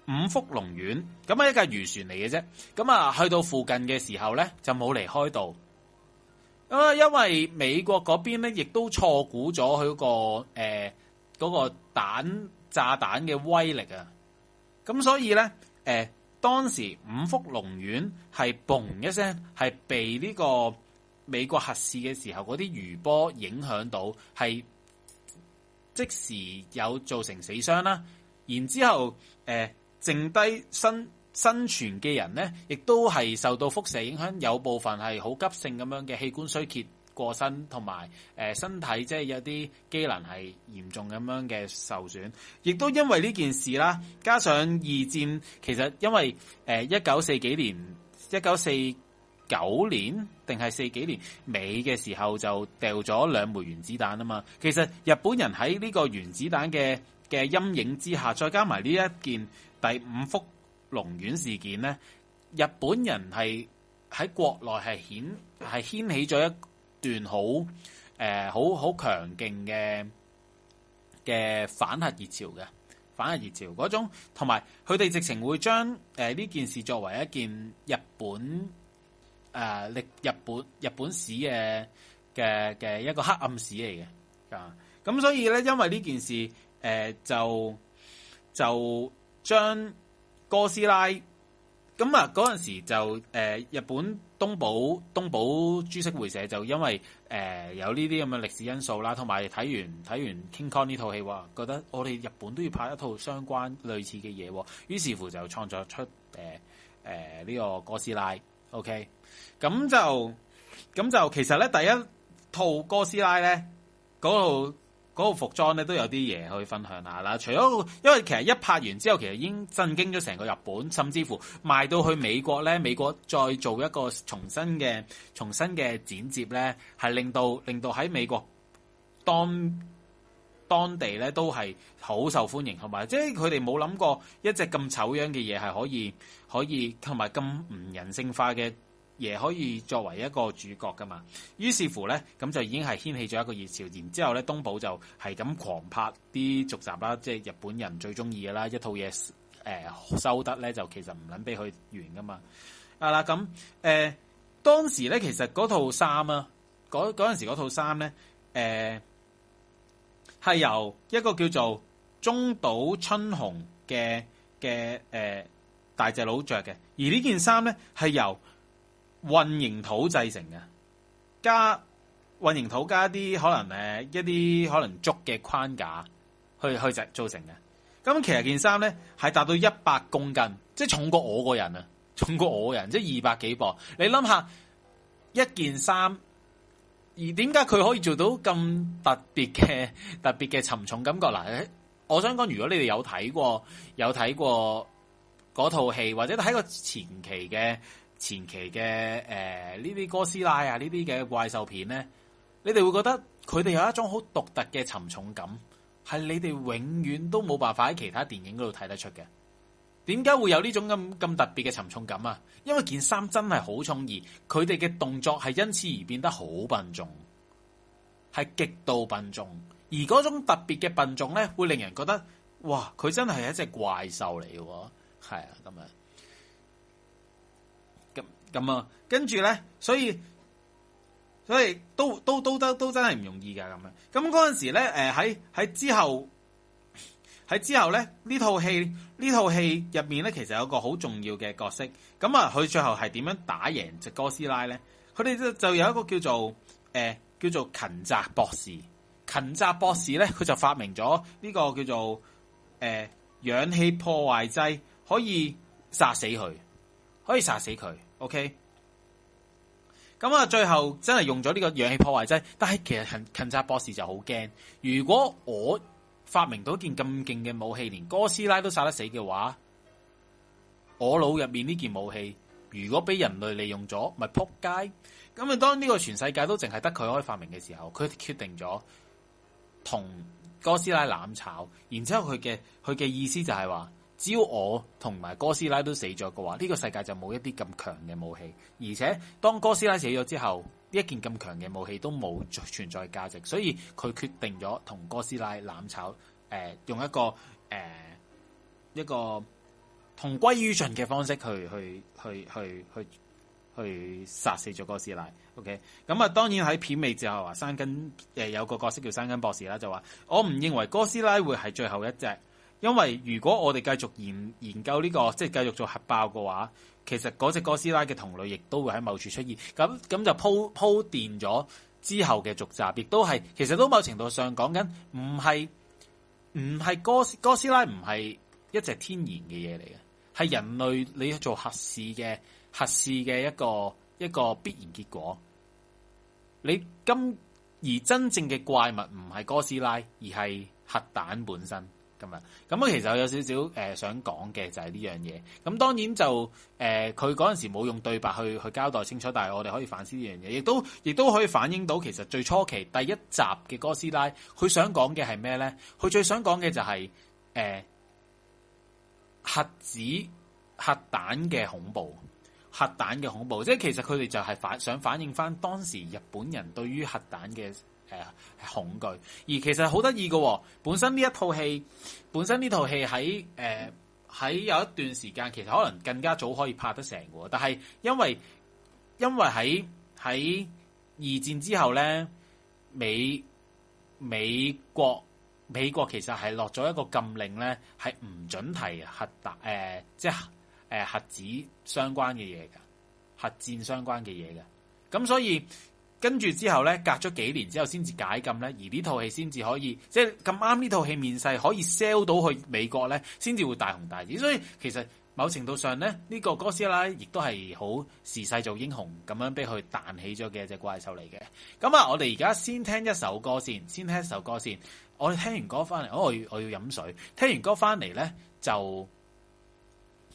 五福龍丸，咁啊一架漁船嚟嘅啫。咁啊去到附近嘅時候咧，就冇離開到。咁啊，因為美國嗰邊咧，亦都錯估咗佢個誒嗰、呃嗰個彈炸彈嘅威力啊！咁所以咧，誒、呃、當時五福龍丸係嘣一聲，係被呢個美國核試嘅時候嗰啲餘波影響到，係即時有造成死傷啦。然之後，誒、呃、剩低生生存嘅人咧，亦都係受到輻射影響，有部分係好急性咁樣嘅器官衰竭，過身同埋誒身體即係有啲機能係嚴重咁樣嘅受損，亦都因為呢件事啦。加上二戰，其實因為誒、呃、一九四幾年一九四九年定係四幾年尾嘅時候就掉咗兩枚原子彈啊嘛。其實日本人喺呢個原子彈嘅嘅陰影之下，再加埋呢一件第五福龍丸事件呢，日本人係喺國內係掀係掀起咗一。段好誒，好好強勁嘅嘅反核熱潮嘅反核熱潮，嗰種同埋佢哋直情會將誒呢件事作為一件日本誒歷、呃、日本日本史嘅嘅嘅一個黑暗史嚟嘅啊！咁所以咧，因為呢件事誒、呃、就就將哥斯拉咁啊，嗰陣時就誒、呃、日本。東寶東寶株式會社就因為誒、呃、有呢啲咁嘅歷史因素啦，同埋睇完睇完 King Kong 呢套戲，覺得我哋日本都要拍一套相關類似嘅嘢，於是乎就創作出誒誒呢個哥斯拉。OK，咁就咁就其實咧第一套哥斯拉咧嗰套。嗰個服裝咧都有啲嘢可以分享下啦，除咗因為其實一拍完之後，其實已經震驚咗成個日本，甚至乎賣到去美國咧，美國再做一個重新嘅重新嘅剪接咧，係令到令到喺美國當當地咧都係好受歡迎，同埋即係佢哋冇諗過一隻咁醜樣嘅嘢係可以可以同埋咁唔人性化嘅。嘢可以作為一個主角噶嘛？於是乎咧，咁就已經係掀起咗一個熱潮。然之後咧，東寶就係咁狂拍啲續集啦，即係日本人最中意嘅啦。一套嘢誒、呃、收得咧，就其實唔撚俾佢完噶嘛。啊啦，咁誒、呃、當時咧，其實嗰套衫啊，嗰嗰陣時嗰套衫咧，誒、呃、係由一個叫做中島春雄嘅嘅誒大隻佬着嘅，而呢件衫咧係由。混凝土製成嘅，加混凝土加啲可能誒一啲可能竹嘅框架去去製造成嘅。咁其實件衫咧，係達到一百公斤，即係重過我個人啊，重過我個人，即係二百幾磅。你諗下一件衫，而點解佢可以做到咁特別嘅特別嘅沉重感覺嗱？我想講，如果你哋有睇過有睇過嗰套戲，或者睇過前期嘅。前期嘅誒呢啲哥斯拉啊，呢啲嘅怪獸片咧，你哋會覺得佢哋有一種好獨特嘅沉重感，係你哋永遠都冇辦法喺其他電影嗰度睇得出嘅。點解會有呢種咁咁特別嘅沉重感啊？因為件衫真係好重，而佢哋嘅動作係因此而變得好笨重，係極度笨重，而嗰種特別嘅笨重咧，會令人覺得，哇，佢真係一隻怪獸嚟嘅，係啊咁樣。咁啊，跟住咧，所以所以都都都都真係唔容易噶咁樣。咁嗰陣時咧，誒喺喺之後喺之後咧，呢套戲，戲呢套戲入面咧，其實有個好重要嘅角色。咁啊，佢最後係點樣打贏隻哥斯拉咧？佢哋就就有一個叫做誒、呃、叫做芹澤博士。芹澤博士咧，佢就發明咗呢個叫做誒、呃、氧氣破壞劑，可以殺死佢，可以殺死佢。OK，咁啊，最後真係用咗呢個氧氣破壞劑，但係其實芹芹澤博士就好驚。如果我發明到件咁勁嘅武器，連哥斯拉都殺得死嘅話，我腦入面呢件武器如果俾人類利用咗，咪撲街。咁、嗯、啊，當呢個全世界都淨係得佢可以發明嘅時候，佢決定咗同哥斯拉攬炒，然之後佢嘅佢嘅意思就係話。只要我同埋哥斯拉都死咗嘅話，呢、這個世界就冇一啲咁強嘅武器。而且當哥斯拉死咗之後，呢一件咁強嘅武器都冇存在價值。所以佢決定咗同哥斯拉攬炒，誒、呃，用一個誒、呃、一個同歸於盡嘅方式去去去去去去去殺死咗哥斯拉。OK，咁、嗯、啊，當然喺片尾之後話山根，誒，有個角色叫山根博士啦，就話我唔認為哥斯拉會係最後一隻。因為如果我哋繼續研研究呢個，即係繼續做核爆嘅話，其實嗰隻哥斯拉嘅同類亦都會喺某處出現。咁咁就鋪鋪墊咗之後嘅續集，亦都係其實都某程度上講緊唔係唔係哥哥斯拉，唔係一隻天然嘅嘢嚟嘅，係人類你做核試嘅核試嘅一個一個必然結果。你今而真正嘅怪物唔係哥斯拉，而係核彈本身。今日咁啊，其實我有少少誒想講嘅就係呢樣嘢。咁、嗯、當然就誒，佢嗰陣時冇用對白去去交代清楚，但係我哋可以反思呢樣嘢，亦都亦都可以反映到其實最初期第一集嘅哥斯拉，佢想講嘅係咩咧？佢最想講嘅就係、是、誒、呃、核子核彈嘅恐怖，核彈嘅恐怖，即係其實佢哋就係反想反映返當時日本人對於核彈嘅，誒，恐懼。而其實好得意嘅，本身呢一套戲，本身呢套戲喺誒喺有一段時間，其實可能更加早可以拍得成嘅。但係因為因為喺喺二戰之後咧，美美國美國其實係落咗一個禁令咧，係唔准提核彈誒、呃，即係誒核子相關嘅嘢嘅，核戰相關嘅嘢嘅。咁所以。跟住之後咧，隔咗幾年之後先至解禁咧，而呢套戲先至可以，即係咁啱呢套戲面世可以 sell 到去美國咧，先至會大紅大紫。所以其實某程度上咧，呢個哥斯拉亦都係好時勢做英雄咁樣俾佢彈起咗嘅一隻怪獸嚟嘅。咁啊，我哋而家先聽一首歌先，先聽一首歌先。我聽完歌翻嚟，哦，我要我要飲水。聽完歌翻嚟咧，就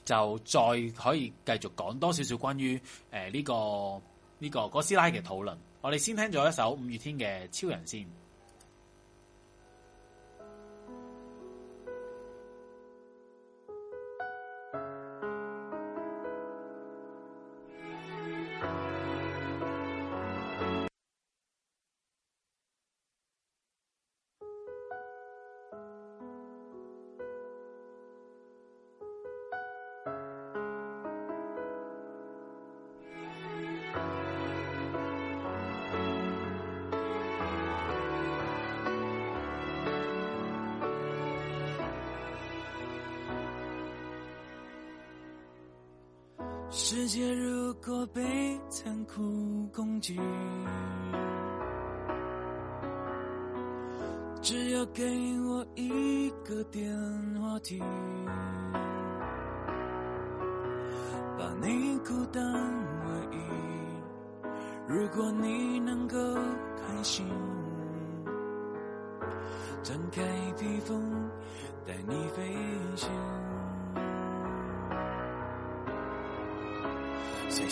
就再可以繼續講多少少關於誒呢個呢個哥斯拉嘅討論。我哋先聽咗一首五月天嘅《超人》先。如果被殘酷攻擊，只要給我一個電話亭，把你孤單唯一。如果你能夠開心，展開披風帶你飛行。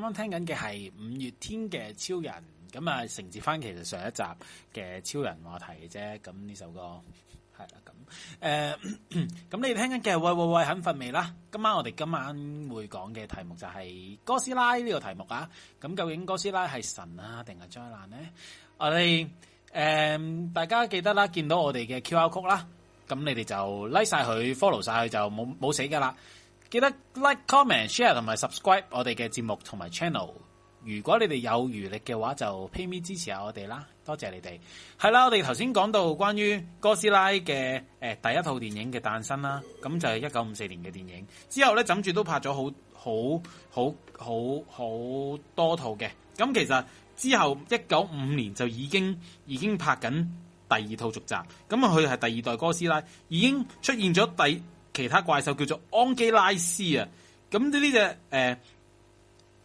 今晚聽緊嘅係五月天嘅超人，咁啊承接翻其實上一集嘅超人話題嘅啫，咁呢首歌係啦，咁誒，咁、嗯嗯嗯嗯嗯嗯嗯嗯、你哋聽緊嘅喂喂喂很乏味啦？今晚我哋今晚會講嘅題目就係哥斯拉呢個題目啊，咁、嗯、究竟哥斯拉係神啊定係災難咧？我哋誒、嗯，大家記得啦，見到我哋嘅 QR 曲啦，咁、嗯、你哋就拉晒佢 follow 晒，佢，就冇冇死噶啦。記得 like、comment、share 同埋 subscribe 我哋嘅節目同埋 channel。如果你哋有餘力嘅話，就 pay me 支持下我哋啦，多謝你哋。係啦，我哋頭先講到關於哥斯拉嘅誒、呃、第一套電影嘅誕生啦，咁就係一九五四年嘅電影。之後咧，枕住都拍咗好好好好好多套嘅。咁其實之後一九五五年就已經已經拍緊第二套續集。咁啊，佢係第二代哥斯拉，已經出現咗第。其他怪獸叫做安基拉斯啊，咁呢呢隻誒、呃、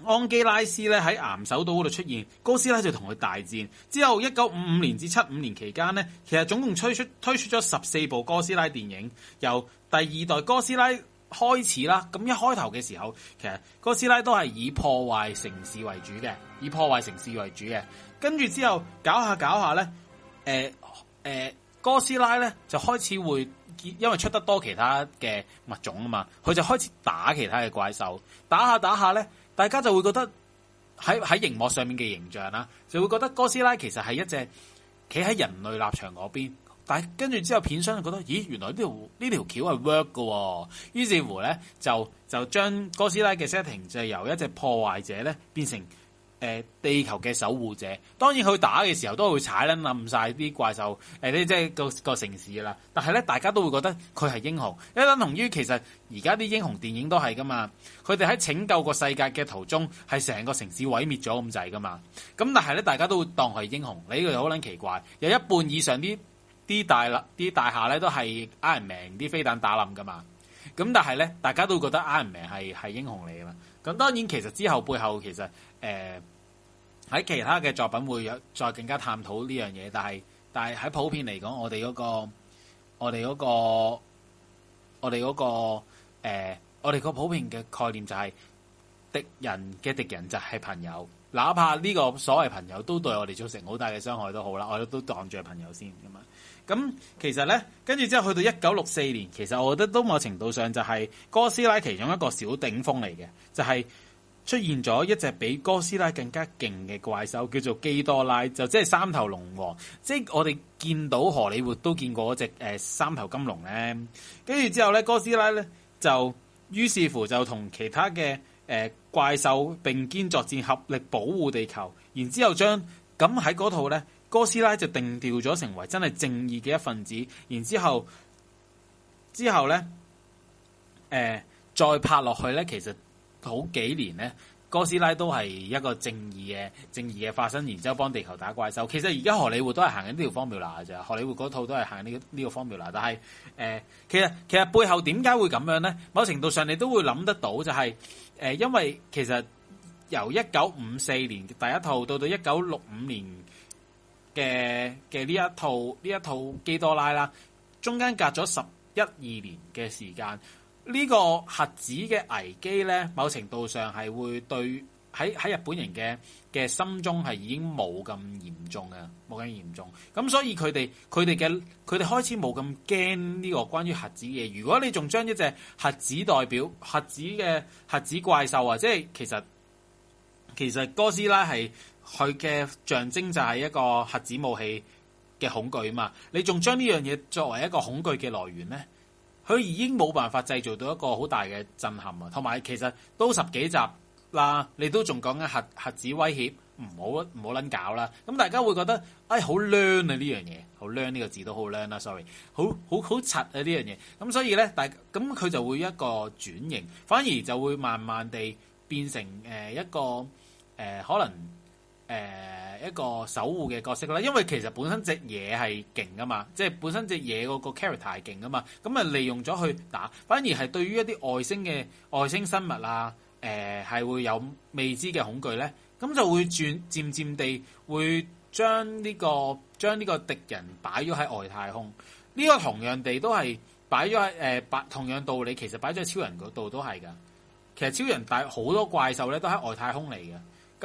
安基拉斯咧喺巖手島嗰度出現，哥斯拉就同佢大戰。之後一九五五年至七五年期間咧，其實總共推出推出咗十四部哥斯拉電影，由第二代哥斯拉開始啦。咁、嗯、一開頭嘅時候，其實哥斯拉都係以破壞城市為主嘅，以破壞城市為主嘅。跟住之後搞下搞下咧，誒、呃、誒、呃、哥斯拉咧就開始會。因為出得多其他嘅物種啊嘛，佢就開始打其他嘅怪獸，打下打下咧，大家就會覺得喺喺熒幕上面嘅形象啦、啊，就會覺得哥斯拉其實係一隻企喺人類立場嗰邊，但跟住之後片商就覺得，咦，原來呢條呢條橋係 work 㗎，哦，於是乎咧就就將哥斯拉嘅 setting 就係由一隻破壞者咧變成。誒，地球嘅守護者，當然佢打嘅時候都會踩咧冧晒啲怪獸，誒、呃，即係個個城市啦。但係咧，大家都會覺得佢係英雄，一等同於其實而家啲英雄電影都係噶嘛。佢哋喺拯救個世界嘅途中，係成個城市毀滅咗咁滯噶嘛。咁但係咧，大家都會當佢係英雄。你、這、呢個就好捻奇怪，有一半以上啲啲大啦，啲大廈咧都係 Iron Man，啲飛彈打冧噶嘛。咁但係咧，大家都會覺得 Iron Man 係係英雄嚟噶嘛。咁當然，其實之後背後其實誒。呃喺其他嘅作品會再更加探討呢樣嘢，但係但係喺普遍嚟講，我哋嗰個、我哋嗰個、我哋嗰個、呃、我哋個普遍嘅概念就係敵人嘅敵人就係朋友，哪怕呢個所謂朋友都對我哋造成好大嘅傷害都好啦，我哋都當住朋友先咁啊！咁、嗯、其實呢，跟住之後去到一九六四年，其實我覺得都某程度上就係哥斯拉其中一個小頂峰嚟嘅，就係。出現咗一隻比哥斯拉更加勁嘅怪獸，叫做基多拉，就即係三頭龍王，即係我哋見到荷里活都見過嗰隻誒三頭金龍咧。跟住之後咧，哥斯拉咧就於是乎就同其他嘅誒、呃、怪獸並肩作戰，合力保護地球。然之後將咁喺嗰套咧，哥斯拉就定調咗成為真係正，正義嘅一份子。然之後之後之後咧誒再拍落去咧，其實。好幾年咧，哥斯拉都係一個正義嘅正義嘅化身，然之後幫地球打怪獸。其實而家荷里活都係行緊呢條 formula 嘅啫，荷里活嗰套都係行緊呢呢個 formula。但係誒，其實其實背後點解會咁樣咧？某程度上你都會諗得到，就是，就係誒，因為其實由一九五四年第一套到到一九六五年嘅嘅呢一套呢一套基多拉啦，中間隔咗十一二年嘅時間。呢個核子嘅危機咧，某程度上係會對喺喺日本人嘅嘅心中係已經冇咁嚴重嘅，冇咁嚴重。咁所以佢哋佢哋嘅佢哋開始冇咁驚呢個關於核子嘅。如果你仲將一隻核子代表核子嘅核子怪獸啊，即係其實其實哥斯拉係佢嘅象徵，就係一個核子武器嘅恐懼嘛。你仲將呢樣嘢作為一個恐懼嘅來源咧？佢已經冇辦法製造到一個好大嘅震撼啊！同埋其實都十幾集啦，你都仲講緊核核子威脅，唔好唔好撚搞啦！咁大家會覺得，哎，好爛啊呢樣嘢，好爛呢個字都好爛啦，sorry，好好好柒啊呢樣嘢，咁所以咧，但咁佢就會一個轉型，反而就會慢慢地變成誒一個誒、呃、可能。誒、呃、一個守護嘅角色啦，因為其實本身隻嘢係勁噶嘛，即係本身隻嘢嗰個 character 係勁噶嘛，咁啊利用咗去打，反而係對於一啲外星嘅外星生物啊，誒、呃、係會有未知嘅恐懼咧，咁就會轉漸漸地會將呢、這個將呢個敵人擺咗喺外太空，呢、這個同樣地都係擺咗喺誒，擺、呃、同樣道理，其實擺咗喺超人嗰度都係噶，其實超人大好多怪獸咧都喺外太空嚟嘅。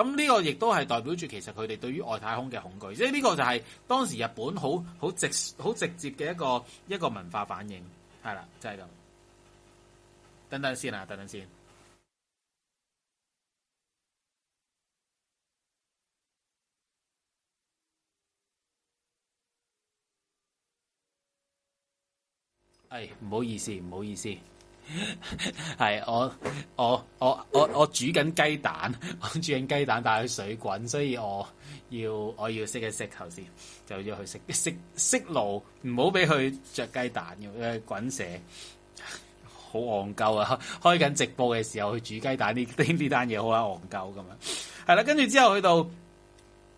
咁呢個亦都係代表住，其實佢哋對於外太空嘅恐懼，即係呢個就係當時日本好好直好直接嘅一個一個文化反應。係啦，就係咁。等等先啦，等等先。係、哎，唔好意思，唔好意思。係 我我我我我煮緊雞蛋，我煮緊雞蛋， 蛋，但係水滾，所以我要我要熄一熄頭先，就要去熄熄熄爐，唔好俾佢着雞蛋要滾瀉，好戇鳩啊！開開緊直播嘅時候去煮雞蛋呢呢單嘢好啊戇鳩咁樣！係啦，跟住之後去到，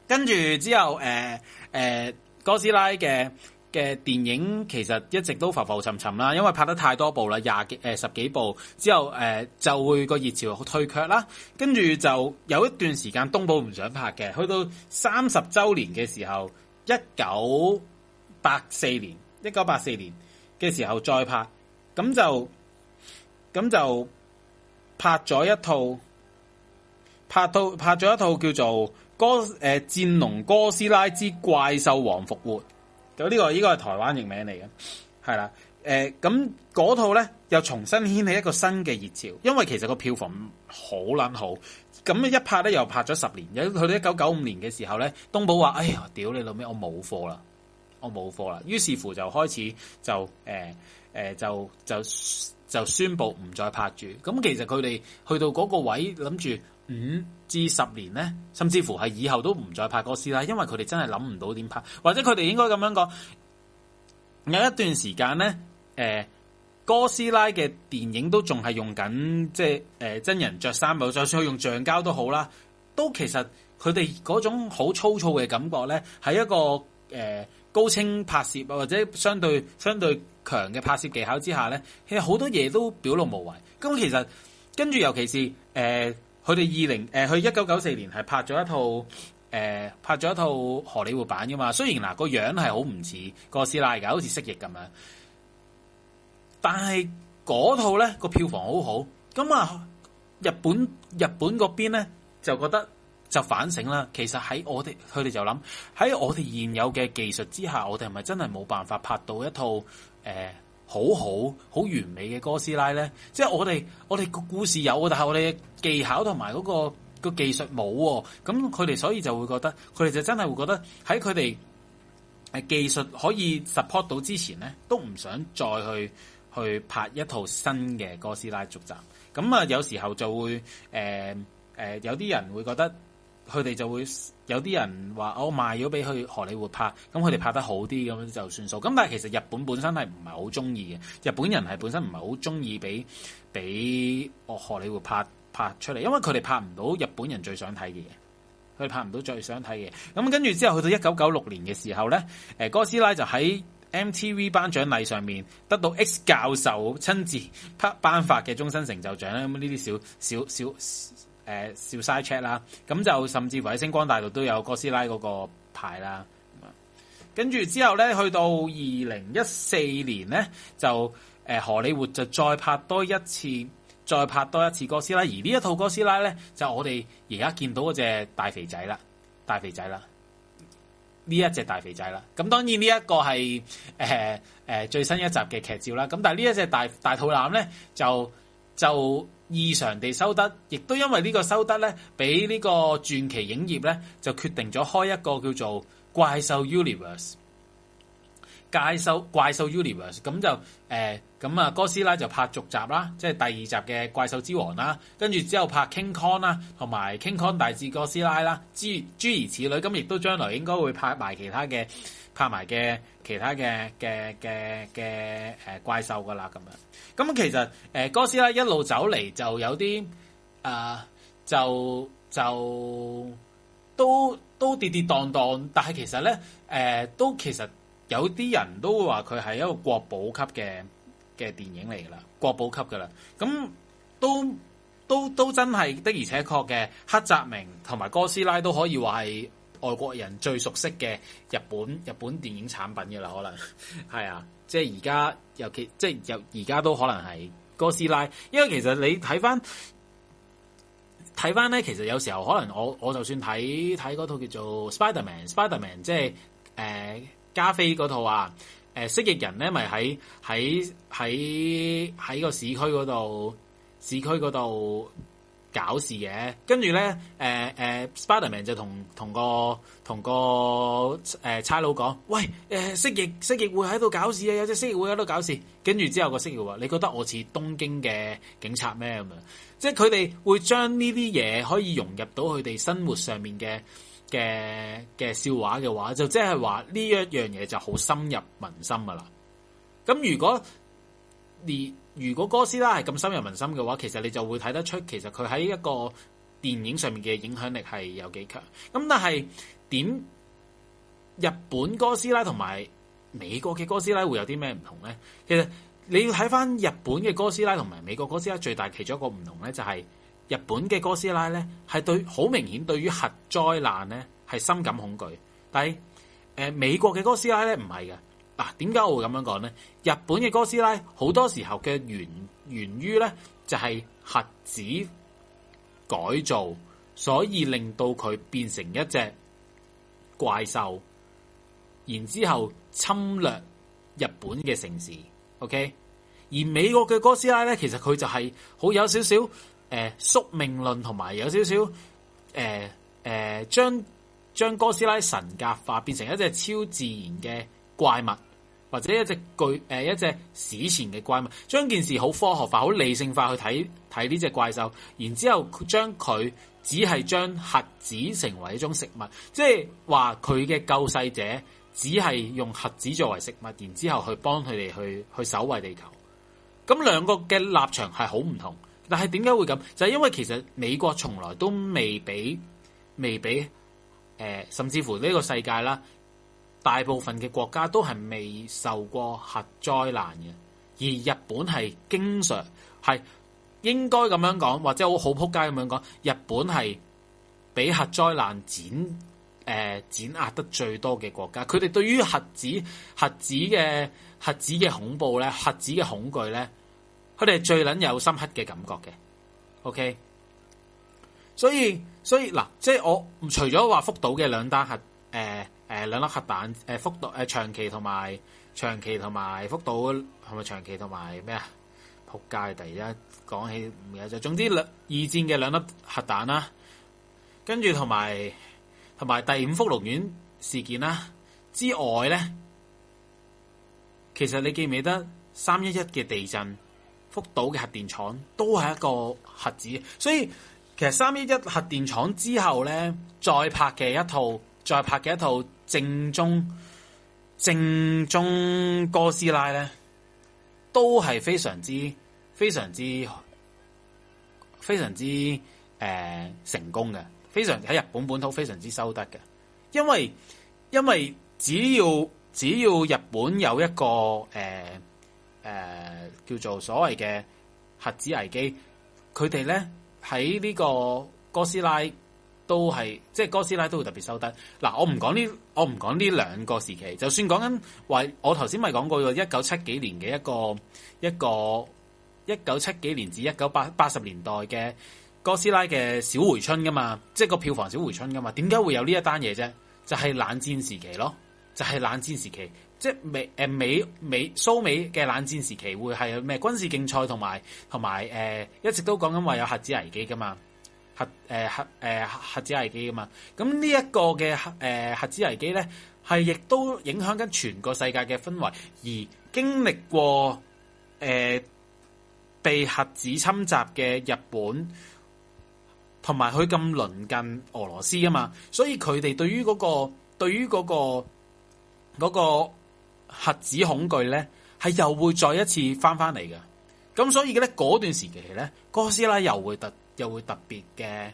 跟住之後誒誒、呃呃、哥斯拉嘅。嘅電影其實一直都浮浮沉沉啦，因為拍得太多部啦，廿幾誒十幾部之後誒、呃、就會、這個熱潮退卻啦，跟住就有一段時間東寶唔想拍嘅，去到三十週年嘅時候，一九八四年，一九八四年嘅時候再拍，咁就咁就拍咗一套，拍到拍咗一套叫做哥誒戰龍哥斯拉之怪獸王復活。咁呢、這個依、這個係台灣譯名嚟嘅，係啦，誒、呃，咁嗰套咧又重新掀起一個新嘅熱潮，因為其實個票房好捻好，咁一拍咧又拍咗十年，去到一九九五年嘅時候咧，東寶話：哎呀，屌你老味，我冇貨啦，我冇貨啦，於是乎就開始就誒誒、呃呃、就就就宣布唔再拍住。咁其實佢哋去到嗰個位諗住。五至十年咧，甚至乎係以後都唔再拍哥斯拉，因為佢哋真係諗唔到點拍，或者佢哋應該咁樣講，有一段時間咧，誒、呃，哥斯拉嘅電影都仲係用緊，即係誒、呃、真人着衫冇再需要用橡膠都好啦，都其實佢哋嗰種好粗糙嘅感覺咧，喺一個誒、呃、高清拍攝或者相對相對強嘅拍攝技巧之下咧，其實好多嘢都表露無遺。咁其實跟住，尤其是誒、呃佢哋二零，誒、呃，佢一九九四年係拍咗一套，誒、呃，拍咗一套荷里活版噶嘛？雖然嗱、呃、個樣係好唔似個師奶噶，好似蜥蜴咁樣，但係嗰套咧個票房好好，咁、嗯、啊，日本日本嗰邊咧就覺得就反省啦。其實喺我哋，佢哋就諗喺我哋現有嘅技術之下，我哋係咪真係冇辦法拍到一套，誒、呃？好好好完美嘅哥斯拉咧，即係我哋我哋個故事有，但係我哋嘅技巧同埋嗰個、個技術冇、哦，咁佢哋所以就會覺得佢哋就真係會覺得喺佢哋誒技術可以 support 到之前咧，都唔想再去去拍一套新嘅哥斯拉續集。咁啊，有時候就會誒誒、呃呃，有啲人會覺得佢哋就會。有啲人話我賣咗俾佢荷里活拍，咁佢哋拍得好啲咁就算數。咁但係其實日本本身係唔係好中意嘅，日本人係本身唔係好中意俾俾我荷里活拍拍出嚟，因為佢哋拍唔到日本人最想睇嘅嘢，佢拍唔到最想睇嘅。咁跟住之後去到一九九六年嘅時候呢，誒哥斯拉就喺 MTV 頒獎禮上面得到 X 教授親自拍頒發嘅終身成就獎啦。咁呢啲小小。少。小小誒，小 s、啊、i check 啦、啊，咁就甚至乎喺星光大道都有哥斯拉嗰個牌啦、啊。跟住之後咧，去到二零一四年咧，就誒、啊，荷里活就再拍多一次，再拍多一次哥斯拉。而呢一套哥斯拉咧，就我哋而家見到嗰隻大肥仔啦，大肥仔啦，呢一隻大肥仔啦。咁、啊、當然呢一個係誒誒最新一集嘅劇照啦。咁、啊、但係呢一隻大大肚腩咧就。就異常地收得，亦都因為呢個收得咧，俾呢個傳奇影業咧就決定咗開一個叫做怪獸 Universe 怪獸怪獸 Universe 咁就誒咁啊。呃、哥斯拉就拍續集啦，即係第二集嘅怪獸之王啦，跟住之後拍 King Kong 啦，同埋 King Kong 大戰哥斯拉啦，之諸如此類。咁亦都將來應該會拍埋其他嘅。拍埋嘅其他嘅嘅嘅嘅誒怪獸噶啦咁樣，咁其實誒呃、哥斯拉一路走嚟就有啲啊、呃，就就都都跌跌宕宕，但係其實咧誒、呃、都其實有啲人都會話佢係一個國寶級嘅嘅電影嚟噶啦，國寶級噶啦，咁、嗯、都都都真係的而且確嘅，黑澤明同埋哥斯拉都可以話係。外國人最熟悉嘅日本日本電影產品嘅啦，可能係啊，即係而家尤其即係又而家都可能係哥斯拉，因為其實你睇翻睇翻咧，其實有時候可能我我就算睇睇嗰套叫做 Spiderman Spiderman，即係誒加菲嗰套啊，誒蜥蜴人咧咪喺喺喺喺個市區嗰度，市區嗰度。搞事嘅、呃呃，跟住咧，誒誒，Spiderman 就同同個同個誒差佬講：喂，誒蜥蜴蜥蜴會喺度搞事啊！有隻蜥蜴會喺度搞事。跟住之後個蜥蜴話：你覺得我似東京嘅警察咩咁樣？即係佢哋會將呢啲嘢可以融入到佢哋生活上面嘅嘅嘅笑話嘅話，就即係話呢一樣嘢就好深入民心㗎喇。咁如果你如果哥斯拉係咁深入民心嘅話，其實你就會睇得出，其實佢喺一個電影上面嘅影響力係有幾強。咁但係點日本哥斯拉同埋美國嘅哥斯拉會有啲咩唔同呢？其實你要睇翻日本嘅哥斯拉同埋美國哥斯拉最大其中一個唔同呢，就係、是、日本嘅哥斯拉呢係對好明顯對於核災難呢係深感恐懼，但係誒、呃、美國嘅哥斯拉呢唔係嘅。嗱，點解、啊、我會咁樣講咧？日本嘅哥斯拉好多時候嘅源源於咧就係、是、核子改造，所以令到佢變成一隻怪獸，然之後侵略日本嘅城市。O、okay? K. 而美國嘅哥斯拉咧，其實佢就係好有少少誒、呃、宿命論，同埋有少少誒誒、呃呃、將將哥斯拉神格化，變成一隻超自然嘅。怪物或者一隻巨誒、呃、一隻史前嘅怪物，將件事好科學化、好理性化去睇睇呢隻怪獸，然之後將佢只係將核子成為一種食物，即係話佢嘅救世者只係用核子作為食物，然之後去幫佢哋去去守衛地球。咁兩個嘅立場係好唔同，但係點解會咁？就係、是、因為其實美國從來都未俾未俾誒、呃，甚至乎呢個世界啦。大部分嘅國家都係未受過核災難嘅，而日本係經常係應該咁樣講，或者好好仆街咁樣講，日本係俾核災難展誒展壓、呃、得最多嘅國家。佢哋對於核子核子嘅核子嘅恐怖咧，核子嘅恐懼咧，佢哋最捻有深刻嘅感覺嘅。OK，所以所以嗱、呃，即係我除咗話福島嘅兩單核誒。呃誒、呃，兩粒核彈，誒、呃、福島誒長期同埋長期同埋福島係咪長期同埋咩啊撲街第一講起唔有就總之兩二,二戰嘅兩粒核彈啦、啊，跟住同埋同埋第五福龍丸事件啦、啊、之外咧，其實你記唔記得三一一嘅地震福島嘅核電廠都係一個核子，所以其實三一一核電廠之後咧再拍嘅一套再拍嘅一套。再拍正宗正宗哥斯拉咧，都係非常之非常之非常之誒成功嘅，非常喺日本本土非常之收得嘅，因為因為只要只要日本有一個誒誒、呃呃、叫做所謂嘅核子危機，佢哋咧喺呢個哥斯拉都係即係哥斯拉都會特別收得。嗱，我唔講呢。我唔講呢兩個時期，就算講緊話，我頭先咪講過一九七幾年嘅一個一個一九七幾年至一九八八十年代嘅哥斯拉嘅小回春噶嘛，即係個票房小回春噶嘛，點解會有呢一單嘢啫？就係冷戰時期咯，就係冷戰時期，即係美誒美美蘇美嘅冷戰時期會係咩軍事競賽同埋同埋誒，一直都講緊話有核子危機噶嘛。核誒、呃、核誒核子危機啊嘛，咁呢一個嘅核誒、呃、核子危機咧，係亦都影響緊全個世界嘅氛圍，而經歷過誒、呃、被核子侵襲嘅日本，同埋佢咁鄰近俄羅斯啊嘛，嗯、所以佢哋對於嗰、那個對於嗰、那個嗰、那個核子恐懼咧，係又會再一次翻翻嚟嘅。咁所以咧嗰段時期咧，哥斯拉又會突。又會特別嘅，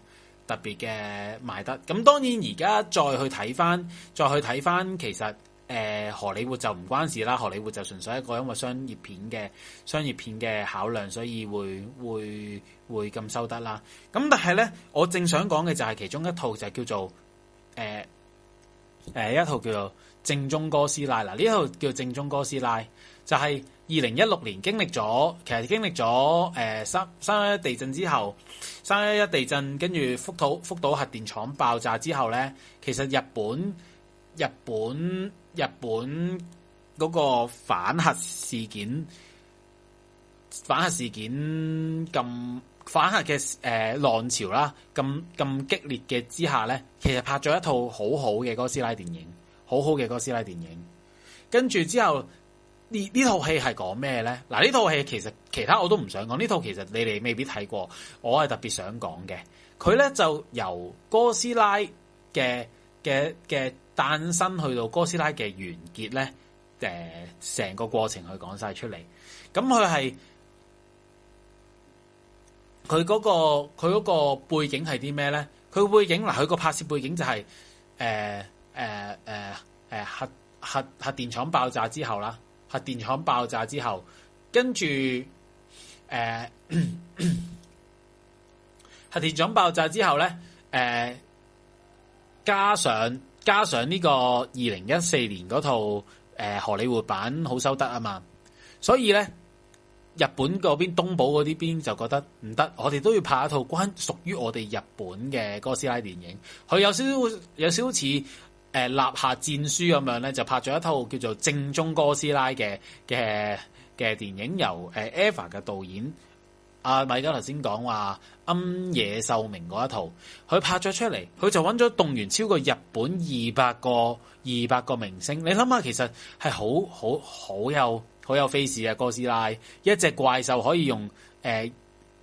特別嘅賣得，咁當然而家再去睇翻，再去睇翻，其實誒、呃、荷里活就唔關事啦，荷里活就純粹一個因為商業片嘅商業片嘅考量，所以會會會咁收得啦。咁但係咧，我正想講嘅就係其中一套就叫做誒誒、呃呃、一套叫做正宗哥斯拉，嗱呢套叫正宗哥斯拉就係、是。二零一六年經歷咗，其實經歷咗誒三三一一地震之後，三一一地震跟住福島福島核電廠爆炸之後咧，其實日本日本日本嗰個反核事件、反核事件咁反核嘅誒、呃、浪潮啦，咁咁激烈嘅之下咧，其實拍咗一套好好嘅哥斯拉電影，好好嘅哥斯拉電影，跟住之後。呢呢套戲係講咩咧？嗱，呢套戲其實其他我都唔想講。呢套其實你哋未必睇過，我係特別想講嘅。佢咧就由哥斯拉嘅嘅嘅誕生去到哥斯拉嘅完結咧，誒、呃，成個過程去講晒出嚟。咁佢係佢嗰個佢嗰個背景係啲咩咧？佢背景嗱，佢、呃、個拍攝背景就係誒誒誒誒核核核電廠爆炸之後啦。核電廠爆炸之後，跟住誒核電廠爆炸之後咧，誒、呃、加上加上呢個二零一四年嗰套誒、呃、荷里活版好收得啊嘛，所以咧，日本嗰邊東寶嗰啲邊就覺得唔得，我哋都要拍一套關屬於我哋日本嘅哥斯拉電影，佢有少少有少少似。誒，立下戰書咁樣咧，就拍咗一套叫做《正宗哥斯拉》嘅嘅嘅電影，由誒、e、Eva 嘅導演阿、啊、米家頭先講話庵野秀明嗰一套，佢拍咗出嚟，佢就揾咗動員超過日本二百個二百個明星，你諗下，其實係好好好有好有 face 啊！哥斯拉一隻怪獸可以用誒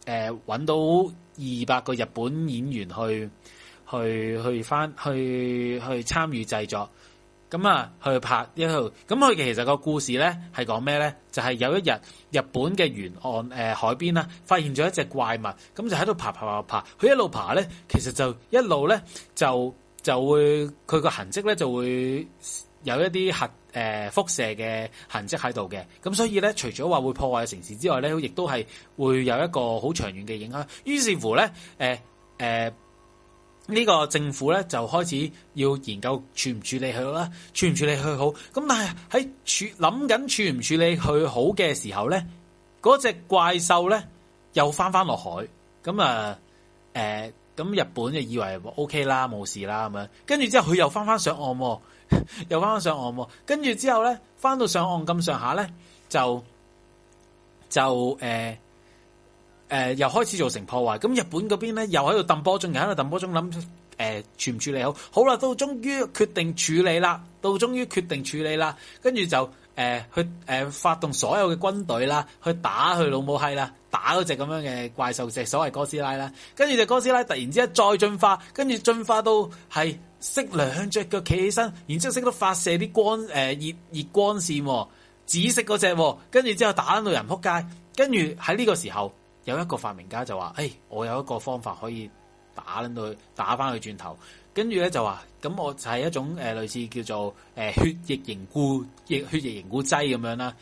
誒揾到二百個日本演員去。去去翻去去參與製作，咁啊去拍一套，咁佢 其實個故事咧係講咩咧？就係、是、有一日日本嘅沿岸誒、呃、海邊啦，發現咗一隻怪物，咁就喺度爬爬爬，爬爬爬爬，佢一路爬咧，其實就一路咧就就會佢個痕跡咧就會有一啲核誒、呃、輻射嘅痕跡喺度嘅，咁所以咧除咗話會破壞城市之外咧，亦都係會有一個好長遠嘅影響。於是乎咧，誒、呃、誒。呃呃呃呃呢個政府咧就開始要研究處唔處理佢啦，處唔處理佢好。咁但係喺處諗緊處唔處理佢好嘅時候咧，嗰隻怪獸咧又翻翻落海。咁啊，誒，咁日本就以為 OK 啦，冇事啦咁樣。跟住之後佢又翻翻上岸喎，又翻翻上岸，跟住之後咧，翻到上岸咁上下咧，就就誒。呃誒、呃，又開始造成破壞。咁、嗯、日本嗰邊咧，又喺度揼波鐘，喺度揼波鐘諗，誒、呃，處唔處理好？好啦，到終於決定處理啦，到終於決定處理啦。跟住就誒、呃，去誒、呃、發動所有嘅軍隊啦，去打佢老母閪啦，打嗰隻咁樣嘅怪獸隻所謂哥斯拉啦。跟住隻哥斯拉突然之間再進化，跟住進化到係識兩隻腳企起身，然之後識到發射啲光，誒、呃，熱熱光線、哦，紫色嗰隻、哦。跟住之後打到人撲街。跟住喺呢個時候。有一個發明家就話，誒、哎，我有一個方法可以打到佢，打翻佢轉頭，跟住咧就話，咁我就係一種誒、呃、類似叫做誒、呃、血液凝固，液、血液凝固劑咁樣啦，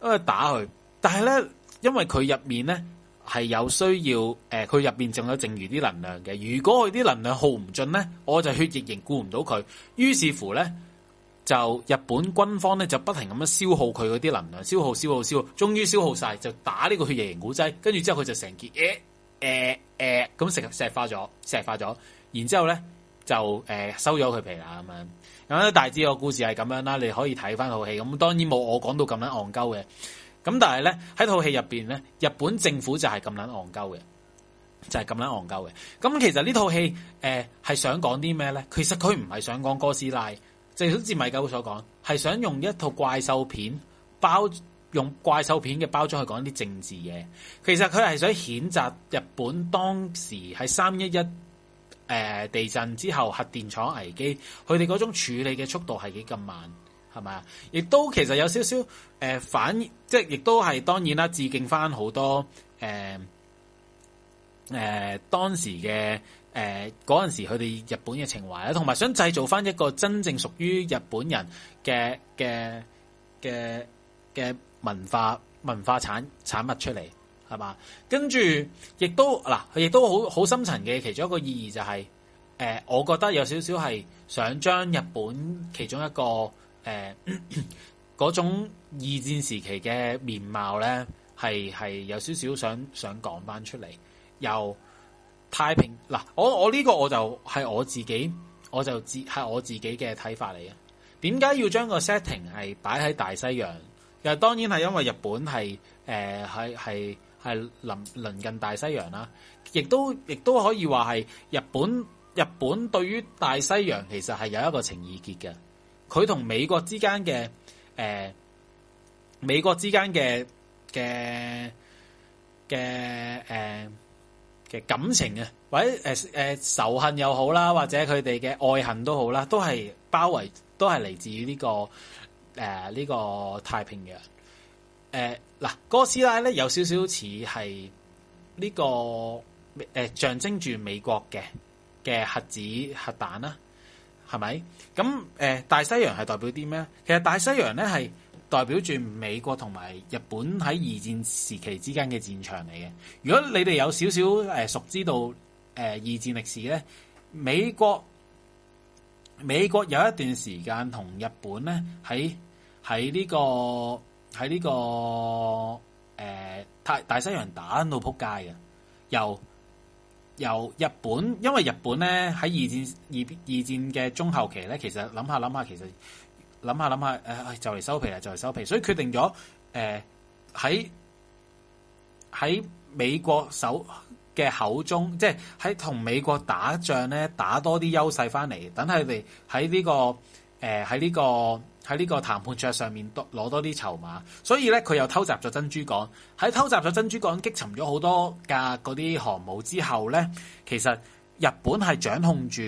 咁去打佢。但係咧，因為佢入面咧係有需要，誒、呃，佢入面仲有剩餘啲能量嘅。如果佢啲能量耗唔盡咧，我就血液凝固唔到佢。於是乎咧。就日本軍方咧，就不停咁樣消耗佢嗰啲能量，消耗消耗消耗，終於消耗晒，就打呢個血液凝固劑，跟住之後佢就成件誒誒誒咁石石化咗，石化咗，然之後咧就誒、呃、收咗佢皮啦咁樣。咁大致個故事係咁樣啦，你可以睇返套戲。咁當然冇我講到咁捻戇鳩嘅。咁但係咧喺套戲入邊咧，日本政府就係咁捻戇鳩嘅，就係咁捻戇鳩嘅。咁其實呢套戲誒係、呃、想講啲咩咧？其實佢唔係想講哥斯拉。就好似米狗所講，係想用一套怪獸片包，用怪獸片嘅包裝去講啲政治嘢。其實佢係想譴責日本當時喺三一一誒地震之後核電廠危機，佢哋嗰種處理嘅速度係幾咁慢，係咪啊？亦都其實有少少誒、呃、反，即係亦都係當然啦，致敬翻好多誒誒、呃呃、當時嘅。誒嗰陣時，佢哋日本嘅情懷咧，同埋想製造翻一個真正屬於日本人嘅嘅嘅嘅文化文化產產物出嚟，係嘛？跟住亦都嗱，佢、啊、亦都好好深層嘅其中一個意義就係、是、誒、呃，我覺得有少少係想將日本其中一個誒嗰、呃、 種二戰時期嘅面貌咧，係係有少少想想講翻出嚟，又。太平嗱、啊，我我呢個我就係我自己，我就自係我自己嘅睇法嚟嘅。點解要將個 setting 係擺喺大西洋？又當然係因為日本係誒，係係係鄰鄰近大西洋啦、啊。亦都亦都可以話係日本日本對於大西洋其實係有一個情意結嘅。佢同美國之間嘅誒，美國之間嘅嘅嘅誒。呃嘅感情啊，或者誒誒、呃呃、仇恨又好啦，或者佢哋嘅愛恨都好啦，都係包圍，都係嚟自於，這、呢個誒呢、呃這個太平洋。誒、呃、嗱，哥斯拉咧有少少似係呢個誒、呃、象徵住美國嘅嘅核子核彈啦，係咪？咁誒、呃、大西洋係代表啲咩？其實大西洋咧係。代表住美國同埋日本喺二戰時期之間嘅戰場嚟嘅。如果你哋有少少誒熟知到誒、呃、二戰歷史咧，美國美國有一段時間同日本咧喺喺呢、這個喺呢、這個誒太、呃、大西洋打到撲街嘅，由由日本，因為日本咧喺二戰二二戰嘅中後期咧，其實諗下諗下，其實。諗下諗下，誒就嚟收皮喇，就嚟收皮！所以決定咗，誒喺喺美國手嘅口中，即係喺同美國打仗咧，打多啲優勢返嚟，等佢哋喺呢個誒喺呢個喺呢個談判桌上面多攞多啲籌碼。所以咧，佢又偷襲咗珍珠港。喺偷襲咗珍珠港，擊沉咗好多架嗰啲航母之後咧，其實日本係掌控住。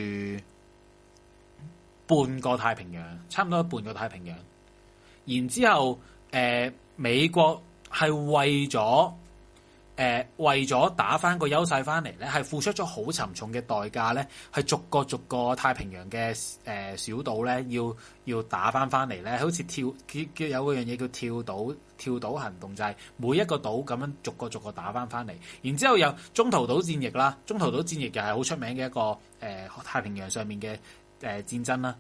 半個太平洋，差唔多半個太平洋。然之後，誒、呃、美國係為咗，誒、呃、為咗打翻個優勢翻嚟咧，係付出咗好沉重嘅代價咧，係逐，逐個逐個太平洋嘅誒、呃、小島咧，要要打翻翻嚟咧，好似跳叫叫有個樣嘢叫跳島跳島行動制，就係、每一個島咁樣逐個逐個打翻翻嚟。然之後有中途島戰役啦，中途島戰役又係好出名嘅一個誒、呃、太平洋上面嘅。誒、呃，戰爭啦，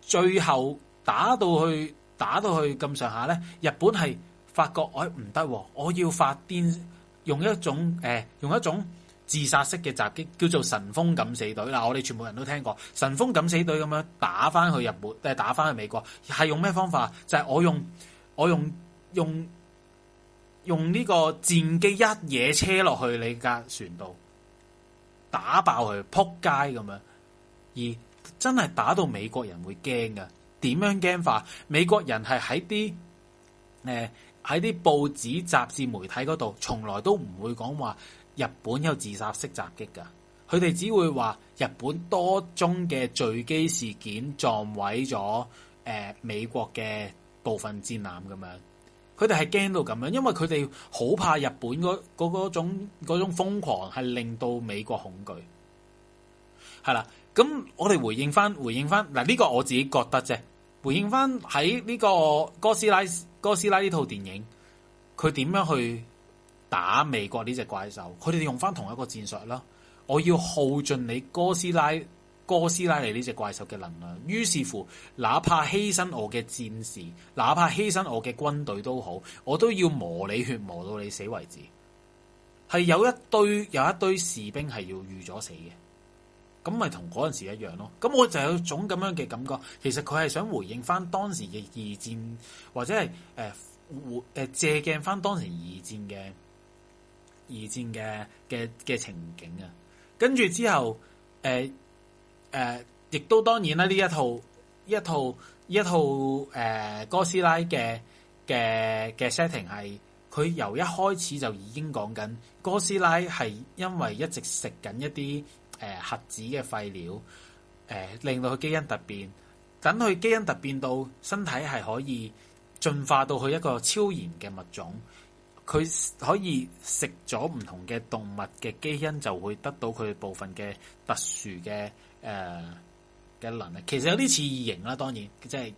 最後打到去打到去咁上下咧，日本係發覺，哎唔得，啊，我要發癲，用一種誒、呃，用一種自殺式嘅襲擊，叫做神風敢死隊啦。我哋全部人都聽過神風敢死隊咁樣打翻去日本，誒打翻去美國，係用咩方法？就係，是，我用我用用用呢個戰機一嘢車落去你架船度，打爆佢扑街咁樣，而。真係打到美國人會驚噶，點樣驚法？美國人係喺啲誒喺啲報紙雜誌媒體嗰度，從來都唔會講話日本有自殺式襲擊噶，佢哋只會話日本多宗嘅墜機事件撞毀咗誒、呃、美國嘅部分戰艦咁樣。佢哋係驚到咁樣，因為佢哋好怕日本嗰嗰嗰種嗰種瘋狂係令到美國恐懼。係啦，咁我哋回應翻，回應翻，嗱呢個我自己覺得啫。回應翻喺呢個哥斯拉哥斯拉呢套電影，佢點樣去打美國呢隻怪獸？佢哋用翻同一個戰術啦。我要耗盡你哥斯拉哥斯拉嚟呢隻怪獸嘅能量，於是乎，哪怕犧牲我嘅戰士，哪怕犧牲我嘅軍隊都好，我都要磨你血，磨到你死為止。係有一堆有一堆士兵係要預咗死嘅。咁咪同嗰陣時一樣咯。咁我就有種咁樣嘅感覺，其實佢係想回應翻當時嘅二戰，或者係誒誒借鏡翻當時二戰嘅二戰嘅嘅嘅情景啊。跟住之後，誒、呃、誒、呃，亦都當然啦，呢一套呢一套呢一套誒、呃、哥斯拉嘅嘅嘅 setting 係佢由一開始就已經講緊哥斯拉係因為一直食緊一啲。誒、呃，核子嘅廢料，誒、呃，令到佢基因突變，等佢基因突變到身體係可以進化到佢一個超然嘅物種，佢可以食咗唔同嘅動物嘅基因，就會得到佢部分嘅特殊嘅誒嘅能力。其實有啲似異形啦，當然，即、就、係、是、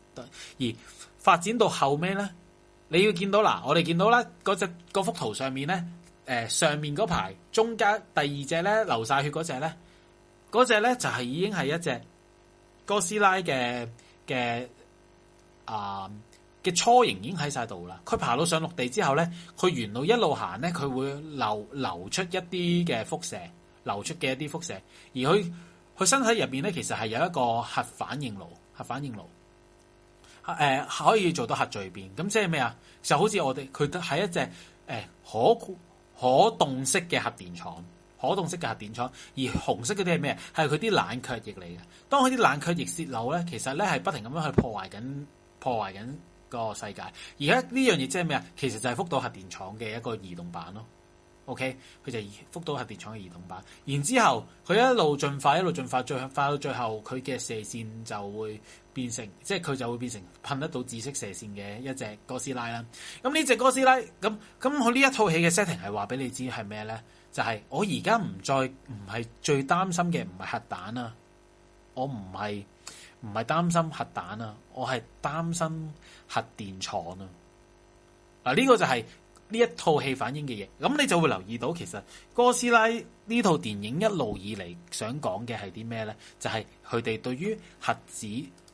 而發展到後尾咧，你要見到嗱、啊，我哋見到啦，嗰隻幅圖上面咧，誒、呃，上面嗰排中間第二隻咧流晒血嗰隻咧。嗰隻咧就係、是、已經係一隻哥斯拉嘅嘅啊嘅雛形，已經喺晒度啦。佢爬到上陸地之後咧，佢沿路一路行咧，佢會流流出一啲嘅輻射，流出嘅一啲輻射。而佢佢身體入邊咧，其實係有一個核反應爐，核反應爐誒、呃，可以做到核聚變。咁即係咩啊？就好似我哋佢係一隻誒、呃，可可動式嘅核電廠。可動式嘅核電廠，而紅色嗰啲係咩？係佢啲冷卻液嚟嘅。當佢啲冷卻液泄漏咧，其實咧係不停咁樣去破壞緊、破壞緊個世界。而家呢樣嘢即係咩啊？其實就係福島核電廠嘅一個移動版咯。OK，佢就係福島核電廠嘅移動版。然之後佢一路進化，一路進化，進化到最後，佢嘅射線就會變成，即係佢就會變成噴得到紫色射線嘅一隻哥斯拉啦。咁呢隻哥斯拉咁咁，我呢一套戲嘅 setting 係話俾你知係咩咧？就係我而家唔再唔係最擔心嘅，唔係核彈啊。我唔係唔係擔心核彈啊，我係擔心核電廠啊。嗱，呢個就係呢一套戲反映嘅嘢。咁你就會留意到，其實哥斯拉呢套電影一路以嚟想講嘅係啲咩呢？就係佢哋對於核子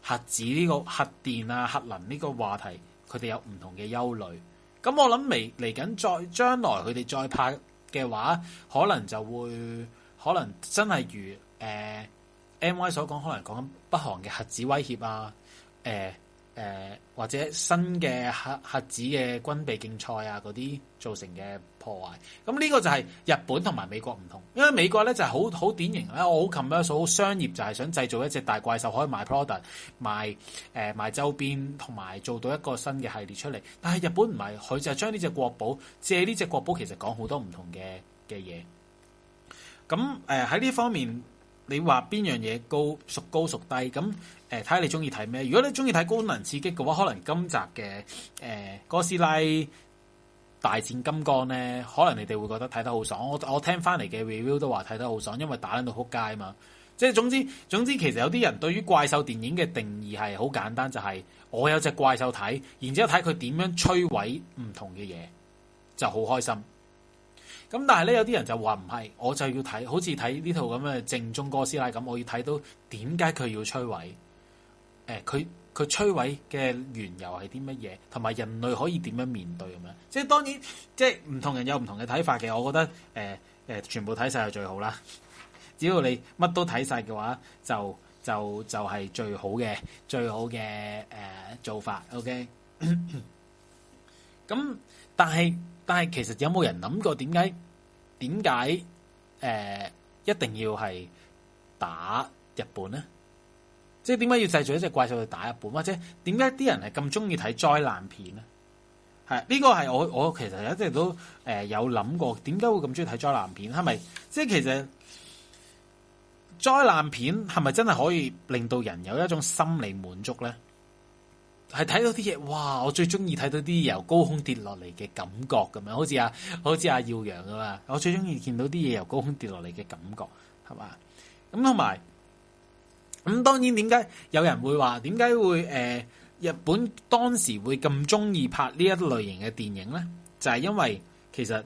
核子呢個核電啊核能呢個話題，佢哋有唔同嘅憂慮。咁我諗未嚟緊再將來，佢哋再拍。嘅話，可能就會，可能真係如誒 M Y 所講，可能講北韓嘅核子威脅啊，誒。誒、呃，或者新嘅核核子嘅軍備競賽啊，嗰啲造成嘅破壞，咁、嗯、呢、這個就係日本同埋美國唔同，因為美國咧就係好好典型咧，我好 commercial 好商業就係、是、想製造一隻大怪獸可以賣 product，賣誒、呃、賣周邊，同埋做到一個新嘅系列出嚟，但係日本唔係，佢就將呢隻國寶借呢隻國寶，國寶其實講好多唔同嘅嘅嘢，咁誒喺呢方面。你話邊樣嘢高，屬高屬低？咁誒睇下你中意睇咩？如果你中意睇高能刺激嘅話，可能今集嘅誒、呃、哥斯拉大戰金剛咧，可能你哋會覺得睇得好爽。我我聽翻嚟嘅 review 都話睇得好爽，因為打到撲街嘛。即係總之總之，總之其實有啲人對於怪獸電影嘅定義係好簡單，就係、是、我有隻怪獸睇，然之後睇佢點樣摧毀唔同嘅嘢，就好開心。咁但係咧，有啲人就話唔係，我就要睇，好似睇呢套咁嘅正宗哥斯拉咁，我要睇到點解佢要摧毀？誒，佢佢摧毀嘅緣由係啲乜嘢？同埋人類可以點樣面對咁樣？即係當然，即係唔同人有唔同嘅睇法嘅。我覺得誒誒，全部睇晒係最好啦。只要你乜都睇晒嘅話，就就就係最好嘅最好嘅誒做法。OK。咁但係。但係其實有冇人諗過，點解點解誒一定要係打日本呢？即係點解要製造一隻怪獸去打日本，或者點解啲人係咁中意睇災難片呢？係呢個係我我其實一直都誒有諗過，點解會咁中意睇災難片？係咪即係其實災難片係咪真係可以令到人有一種心理滿足呢？係睇到啲嘢，哇！我最中意睇到啲由高空跌落嚟嘅感覺咁、啊啊、樣，好似阿好似阿耀陽啊嘛！我最中意見到啲嘢由高空跌落嚟嘅感覺，係嘛？咁同埋咁，當然點解有人會話，點解會誒、呃，日本當時會咁中意拍呢一類型嘅電影咧？就係、是、因為其實誒、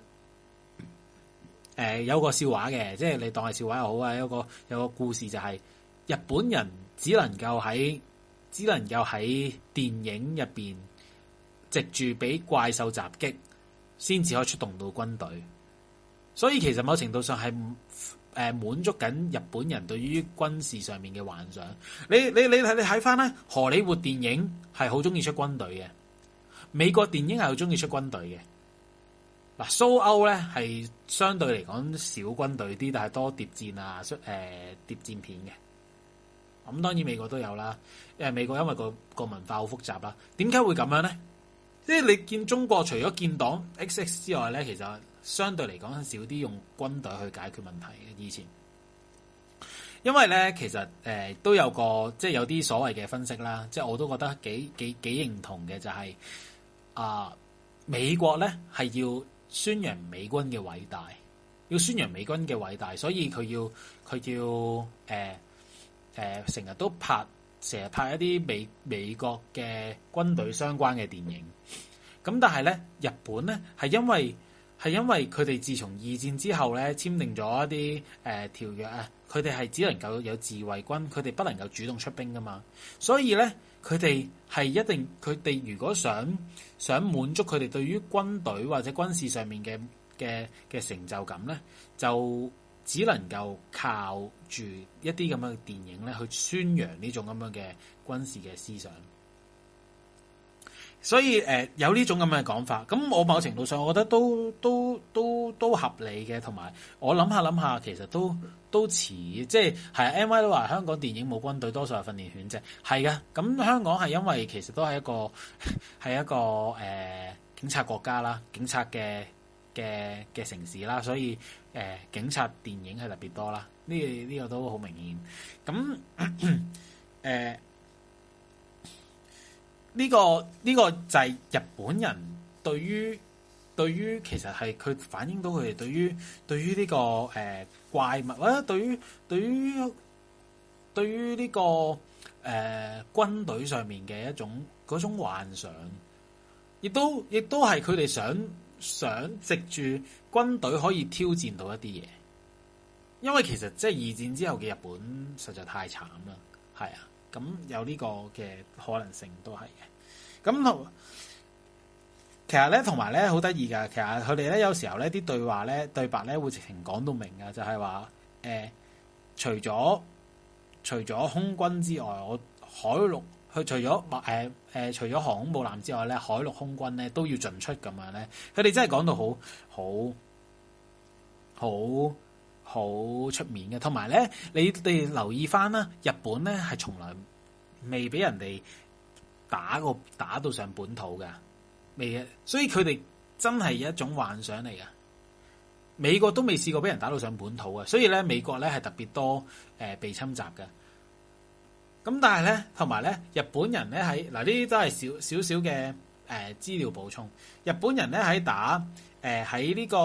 呃、有個笑話嘅，即係你當係笑話又好啊！有個有個故事就係、是、日本人只能夠喺。只能夠喺電影入邊藉住俾怪獸襲擊，先至可以出動到軍隊。所以其實某程度上係誒滿足緊日本人對於軍事上面嘅幻想。你你你睇你睇翻咧，荷里活電影係好中意出軍隊嘅，美國電影係好中意出軍隊嘅。嗱，蘇歐咧係相對嚟講少軍隊啲，但係多諜戰啊，出誒諜戰片嘅。咁當然美國都有啦，誒美國因為個個文化好複雜啦，點解會咁樣咧？即係你見中國除咗建黨 XX 之外咧，其實相對嚟講少啲用軍隊去解決問題嘅以前，因為咧其實誒、呃、都有個即係有啲所謂嘅分析啦，即係我都覺得幾幾幾認同嘅就係、是、啊、呃、美國咧係要宣揚美軍嘅偉大，要宣揚美軍嘅偉大，所以佢要佢要誒。呃誒成日都拍，成日拍一啲美美國嘅軍隊相關嘅電影。咁但係咧，日本咧係因為係因為佢哋自從二戰之後咧簽訂咗一啲誒、呃、條約啊，佢哋係只能夠有自衛軍，佢哋不能夠主動出兵噶嘛。所以咧，佢哋係一定，佢哋如果想想滿足佢哋對於軍隊或者軍事上面嘅嘅嘅成就感咧，就。只能夠靠住一啲咁樣嘅電影咧，去宣揚呢種咁樣嘅軍事嘅思想。所以誒、呃，有呢種咁樣嘅講法，咁我某程度上，我覺得都都都都合理嘅，同埋我諗下諗下，其實都都似，即係 M Y 都話香港電影冇軍隊，多數係訓練犬啫。係嘅，咁香港係因為其實都係一個係一個誒、呃、警察國家啦，警察嘅嘅嘅城市啦，所以。誒，警察電影係特別多啦，呢、這個呢、這個都好明顯。咁，誒，呢、呃這個呢、這個就係日本人對於對於其實係佢反映到佢哋對於對於呢、這個誒、呃、怪物，或者對於對於對於呢、這個誒、呃、軍隊上面嘅一種嗰種幻想，亦都亦都係佢哋想。想藉住軍隊可以挑戰到一啲嘢，因為其實即係二戰之後嘅日本實在太慘啦，係啊，咁有呢個嘅可能性都係嘅。咁同其實咧，同埋咧好得意噶，其實佢哋咧有時候咧啲對話咧對白咧會直情講到明噶，就係話誒，除咗除咗空軍之外，我海陸。佢除咗誒誒，除咗航空母艦之外咧，海陸空軍咧都要進出咁樣咧。佢哋真係講到好好好好出面嘅。同埋咧，你哋留意翻啦，日本咧係從來未俾人哋打過打到上本土嘅，未嘅。所以佢哋真係有一種幻想嚟㗎。美國都未試過俾人打到上本土嘅，所以咧美國咧係特別多誒、呃、被侵襲嘅。咁但係咧，同埋咧，日本人咧喺，嗱呢啲都係少少少嘅誒資料補充。日本人咧喺打誒喺呢個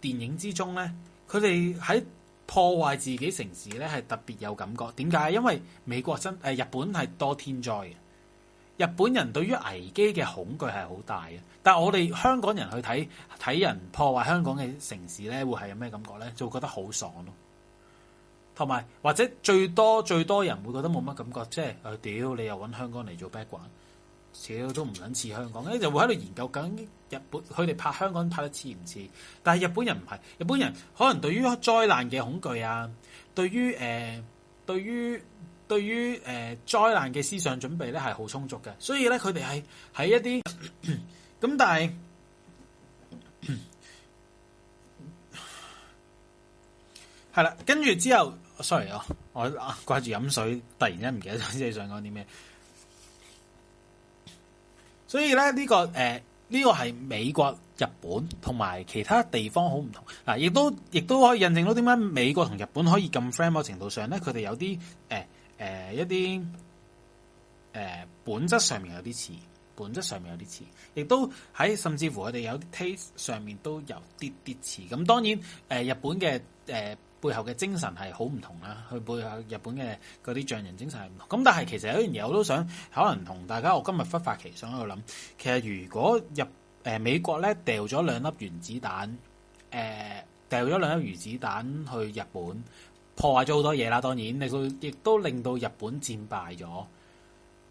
電影之中咧，佢哋喺破壞自己城市咧係特別有感覺。點解？因為美國真誒、呃、日本係多天災嘅，日本人對於危機嘅恐懼係好大嘅。但係我哋香港人去睇睇人破壞香港嘅城市咧，會係有咩感覺咧？就會覺得好爽咯、啊。同埋或者最多最多人會覺得冇乜感覺，即係誒、啊、屌你又揾香港嚟做 background 屌都唔撚似香港，誒就會喺度研究緊日本，佢哋拍香港拍得似唔似？但係日本人唔係，日本人可能對於災難嘅恐懼啊，對於誒、呃，對於對於誒、呃、災難嘅思想準備咧係好充足嘅，所以咧佢哋係喺一啲咁，但係係啦，跟住之後。sorry 哦，我掛住飲水，突然間唔記得即係想講啲咩，所以咧呢、呢個誒呢、呃呢個係美國、日本同埋其他地方好唔同嗱，亦都亦都可以印證到點解美國同日本可以咁 friend，某程度上咧，佢哋有啲誒誒一啲誒、呃、本質上面有啲似，本質上面有啲似，亦都喺甚至乎佢哋有啲 taste 上面都有啲啲似，咁當然誒、呃、日本嘅誒。呃背後嘅精神係好唔同啦，佢背後日本嘅嗰啲匠人精神係唔同。咁但係其實有樣嘢我都想，可能同大家我今日忽發奇想喺度諗，其實如果日誒、呃、美國咧掉咗兩粒原子彈，誒掉咗兩粒原子彈去日本，破壞咗好多嘢啦，當然亦都亦都令到日本戰敗咗，誒、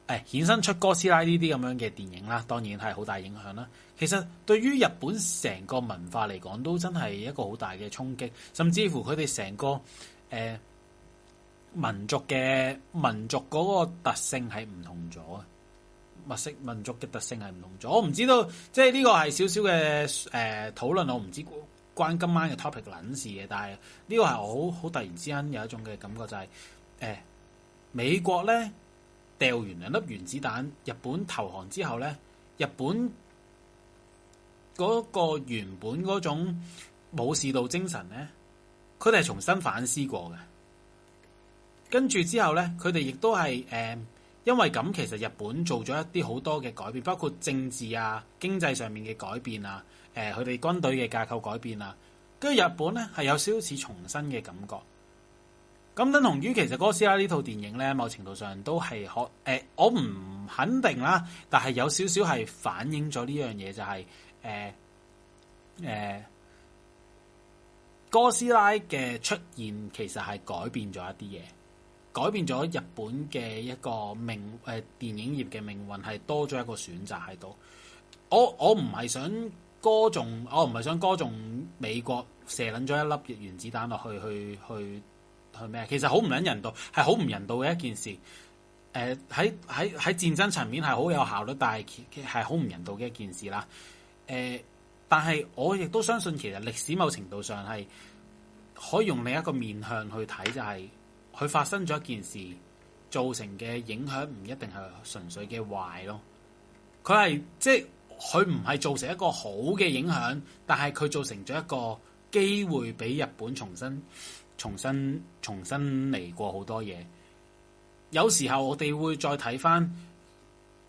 欸、衍生出哥斯拉呢啲咁樣嘅電影啦，當然係好大影響啦。其實對於日本成個文化嚟講，都真係一個好大嘅衝擊，甚至乎佢哋成個誒、呃、民族嘅民族嗰個特性係唔同咗啊！物色民族嘅特性係唔同咗，我唔知道，即係呢個係少少嘅誒討論，我唔知關今晚嘅 topic 諗事嘅，但係呢個係好好突然之間有一種嘅感覺、就是，就係誒美國咧掉完兩粒原子彈，日本投降之後咧，日本。嗰個原本嗰種武士道精神咧，佢哋係重新反思過嘅。跟住之後咧，佢哋亦都係誒，因為咁其實日本做咗一啲好多嘅改變，包括政治啊、經濟上面嘅改變啊，誒、呃，佢哋軍隊嘅架構改變啦、啊，跟住日本咧係有少少似重新嘅感覺。咁等同於其實哥斯拉呢套電影咧，某程度上都係可誒，我唔肯定啦，但係有少少係反映咗呢樣嘢，就係、是。誒誒、呃呃，哥斯拉嘅出現其實係改變咗一啲嘢，改變咗日本嘅一個命誒、呃，電影業嘅命運係多咗一個選擇喺度。我我唔係想歌頌，我唔係想歌頌美國射撚咗一粒原子彈落去，去去去咩？其實好唔撚人道，係好唔人道嘅一件事。誒、呃，喺喺喺戰爭層面係好有效率，但係係好唔人道嘅一件事啦。誒、呃，但係我亦都相信，其實歷史某程度上係可以用另一個面向去睇，就係佢發生咗一件事造成嘅影響，唔一定係純粹嘅壞咯。佢係即係佢唔係造成一個好嘅影響，但係佢造成咗一個機會俾日本重新、重新、重新嚟過好多嘢。有時候我哋會再睇返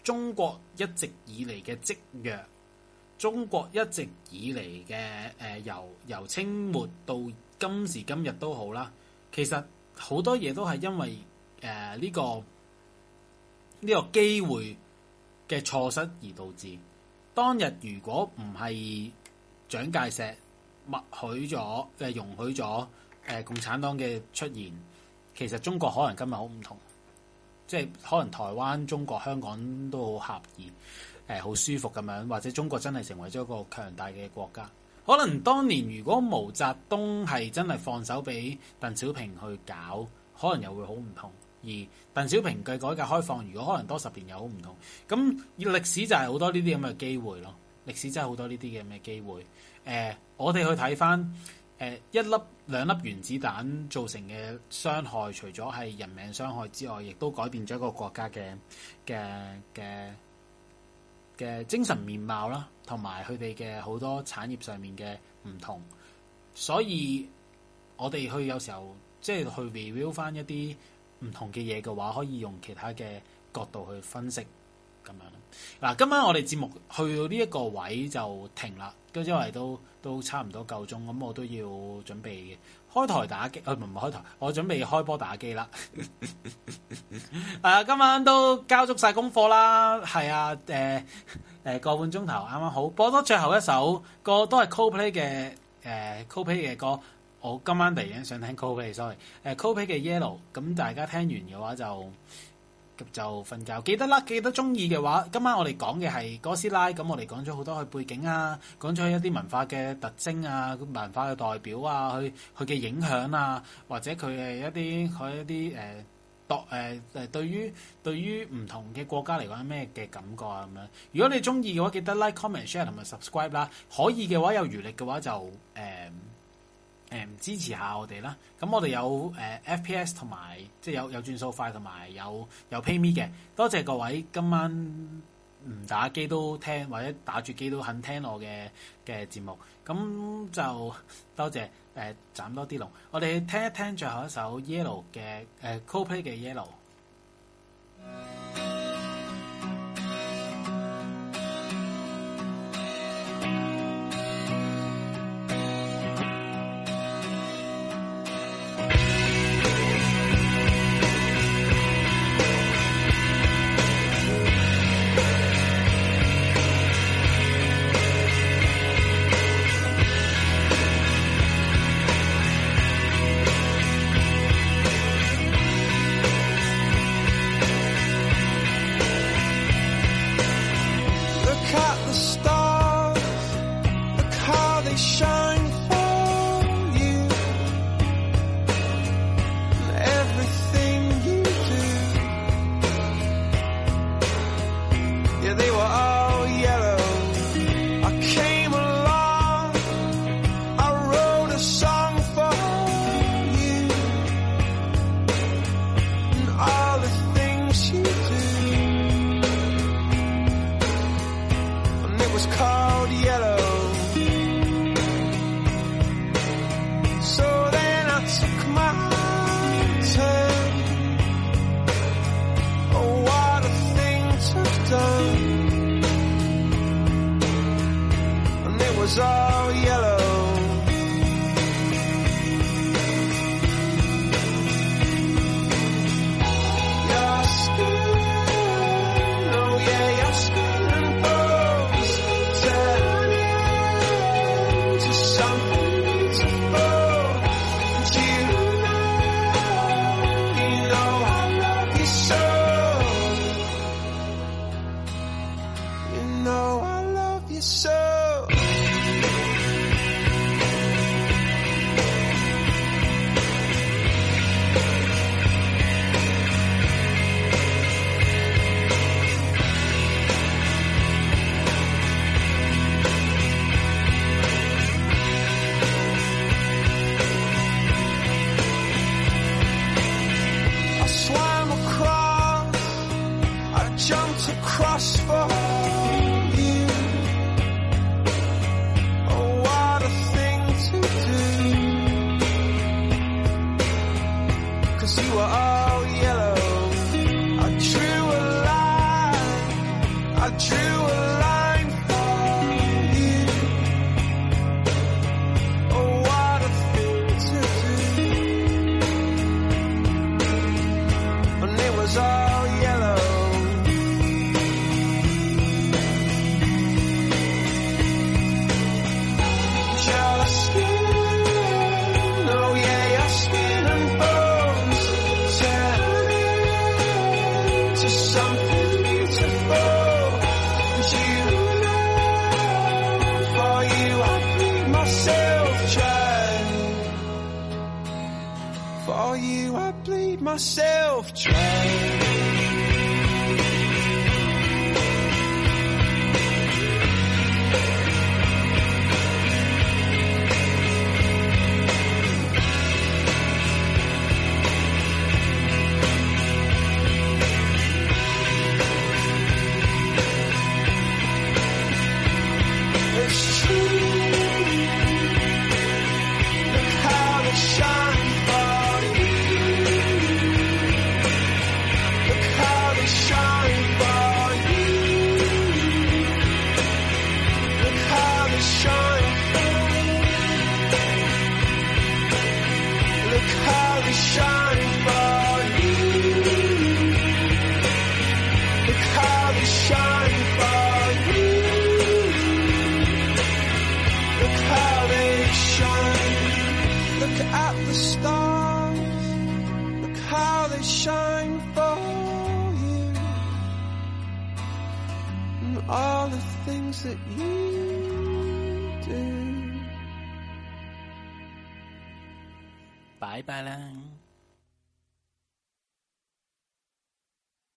中國一直以嚟嘅積弱。中國一直以嚟嘅，誒，由由清末到今時今日都好啦。其實好多嘢都係因為誒呢個呢個機會嘅錯失而導致。當日如果唔係蔣介石默許咗誒容許咗誒共產黨嘅出現，其實中國可能今日好唔同，即係可能台灣、中國、香港都好合意。誒，好舒服咁樣，或者中國真係成為咗一個強大嘅國家。可能當年如果毛澤東係真係放手俾鄧小平去搞，可能又會好唔同。而鄧小平嘅改革開放，如果可能多十年又好唔同。咁歷史就係好多呢啲咁嘅機會咯歷史真係好多呢啲嘅咁嘅機會。誒、呃，我哋去睇翻，誒、呃，一粒兩粒原子彈造成嘅傷害，除咗係人命傷害之外，亦都改變咗一個國家嘅嘅嘅。嘅精神面貌啦，同埋佢哋嘅好多產業上面嘅唔同，所以我哋去有時候即係去 review 翻一啲唔同嘅嘢嘅話，可以用其他嘅角度去分析咁樣。嗱，今晚我哋節目去到呢一個位就停啦。都因為都都差唔多夠鐘，咁我都要準備開台打機，唔、啊、唔開台，我準備開波打機啦。誒、 啊，今晚都交足晒功課啦，係啊，誒誒，個半鐘頭啱啱好，播多最後一首歌都係 Coldplay 嘅、呃、誒 Coldplay 嘅歌，我今晚突然間想聽 Coldplay、呃、Sorry，誒 Coldplay 嘅 Yellow，咁大家聽完嘅話就。咁就瞓覺。記得啦，記得中意嘅話，今晚我哋講嘅係哥斯拉，咁我哋講咗好多佢背景啊，講咗佢一啲文化嘅特徵啊，文化嘅代表啊，佢佢嘅影響啊，或者佢係一啲佢一啲誒，誒、呃、誒、呃、對於對於唔同嘅國家嚟講係咩嘅感覺啊咁樣。如果你中意嘅話，記得 like comment share 同埋 subscribe 啦。可以嘅話，有餘力嘅話就誒。呃誒、嗯、支持下我哋啦，咁我哋有誒、呃、FPS 同埋，即係有有轉數快同埋有有 Pay Me 嘅，多謝各位今晚唔打機都聽，或者打住機都肯聽我嘅嘅節目，咁就多謝誒、呃、斬多啲龍，我哋聽一聽最後一首 Yellow 嘅誒 Coldplay 嘅 Yellow。呃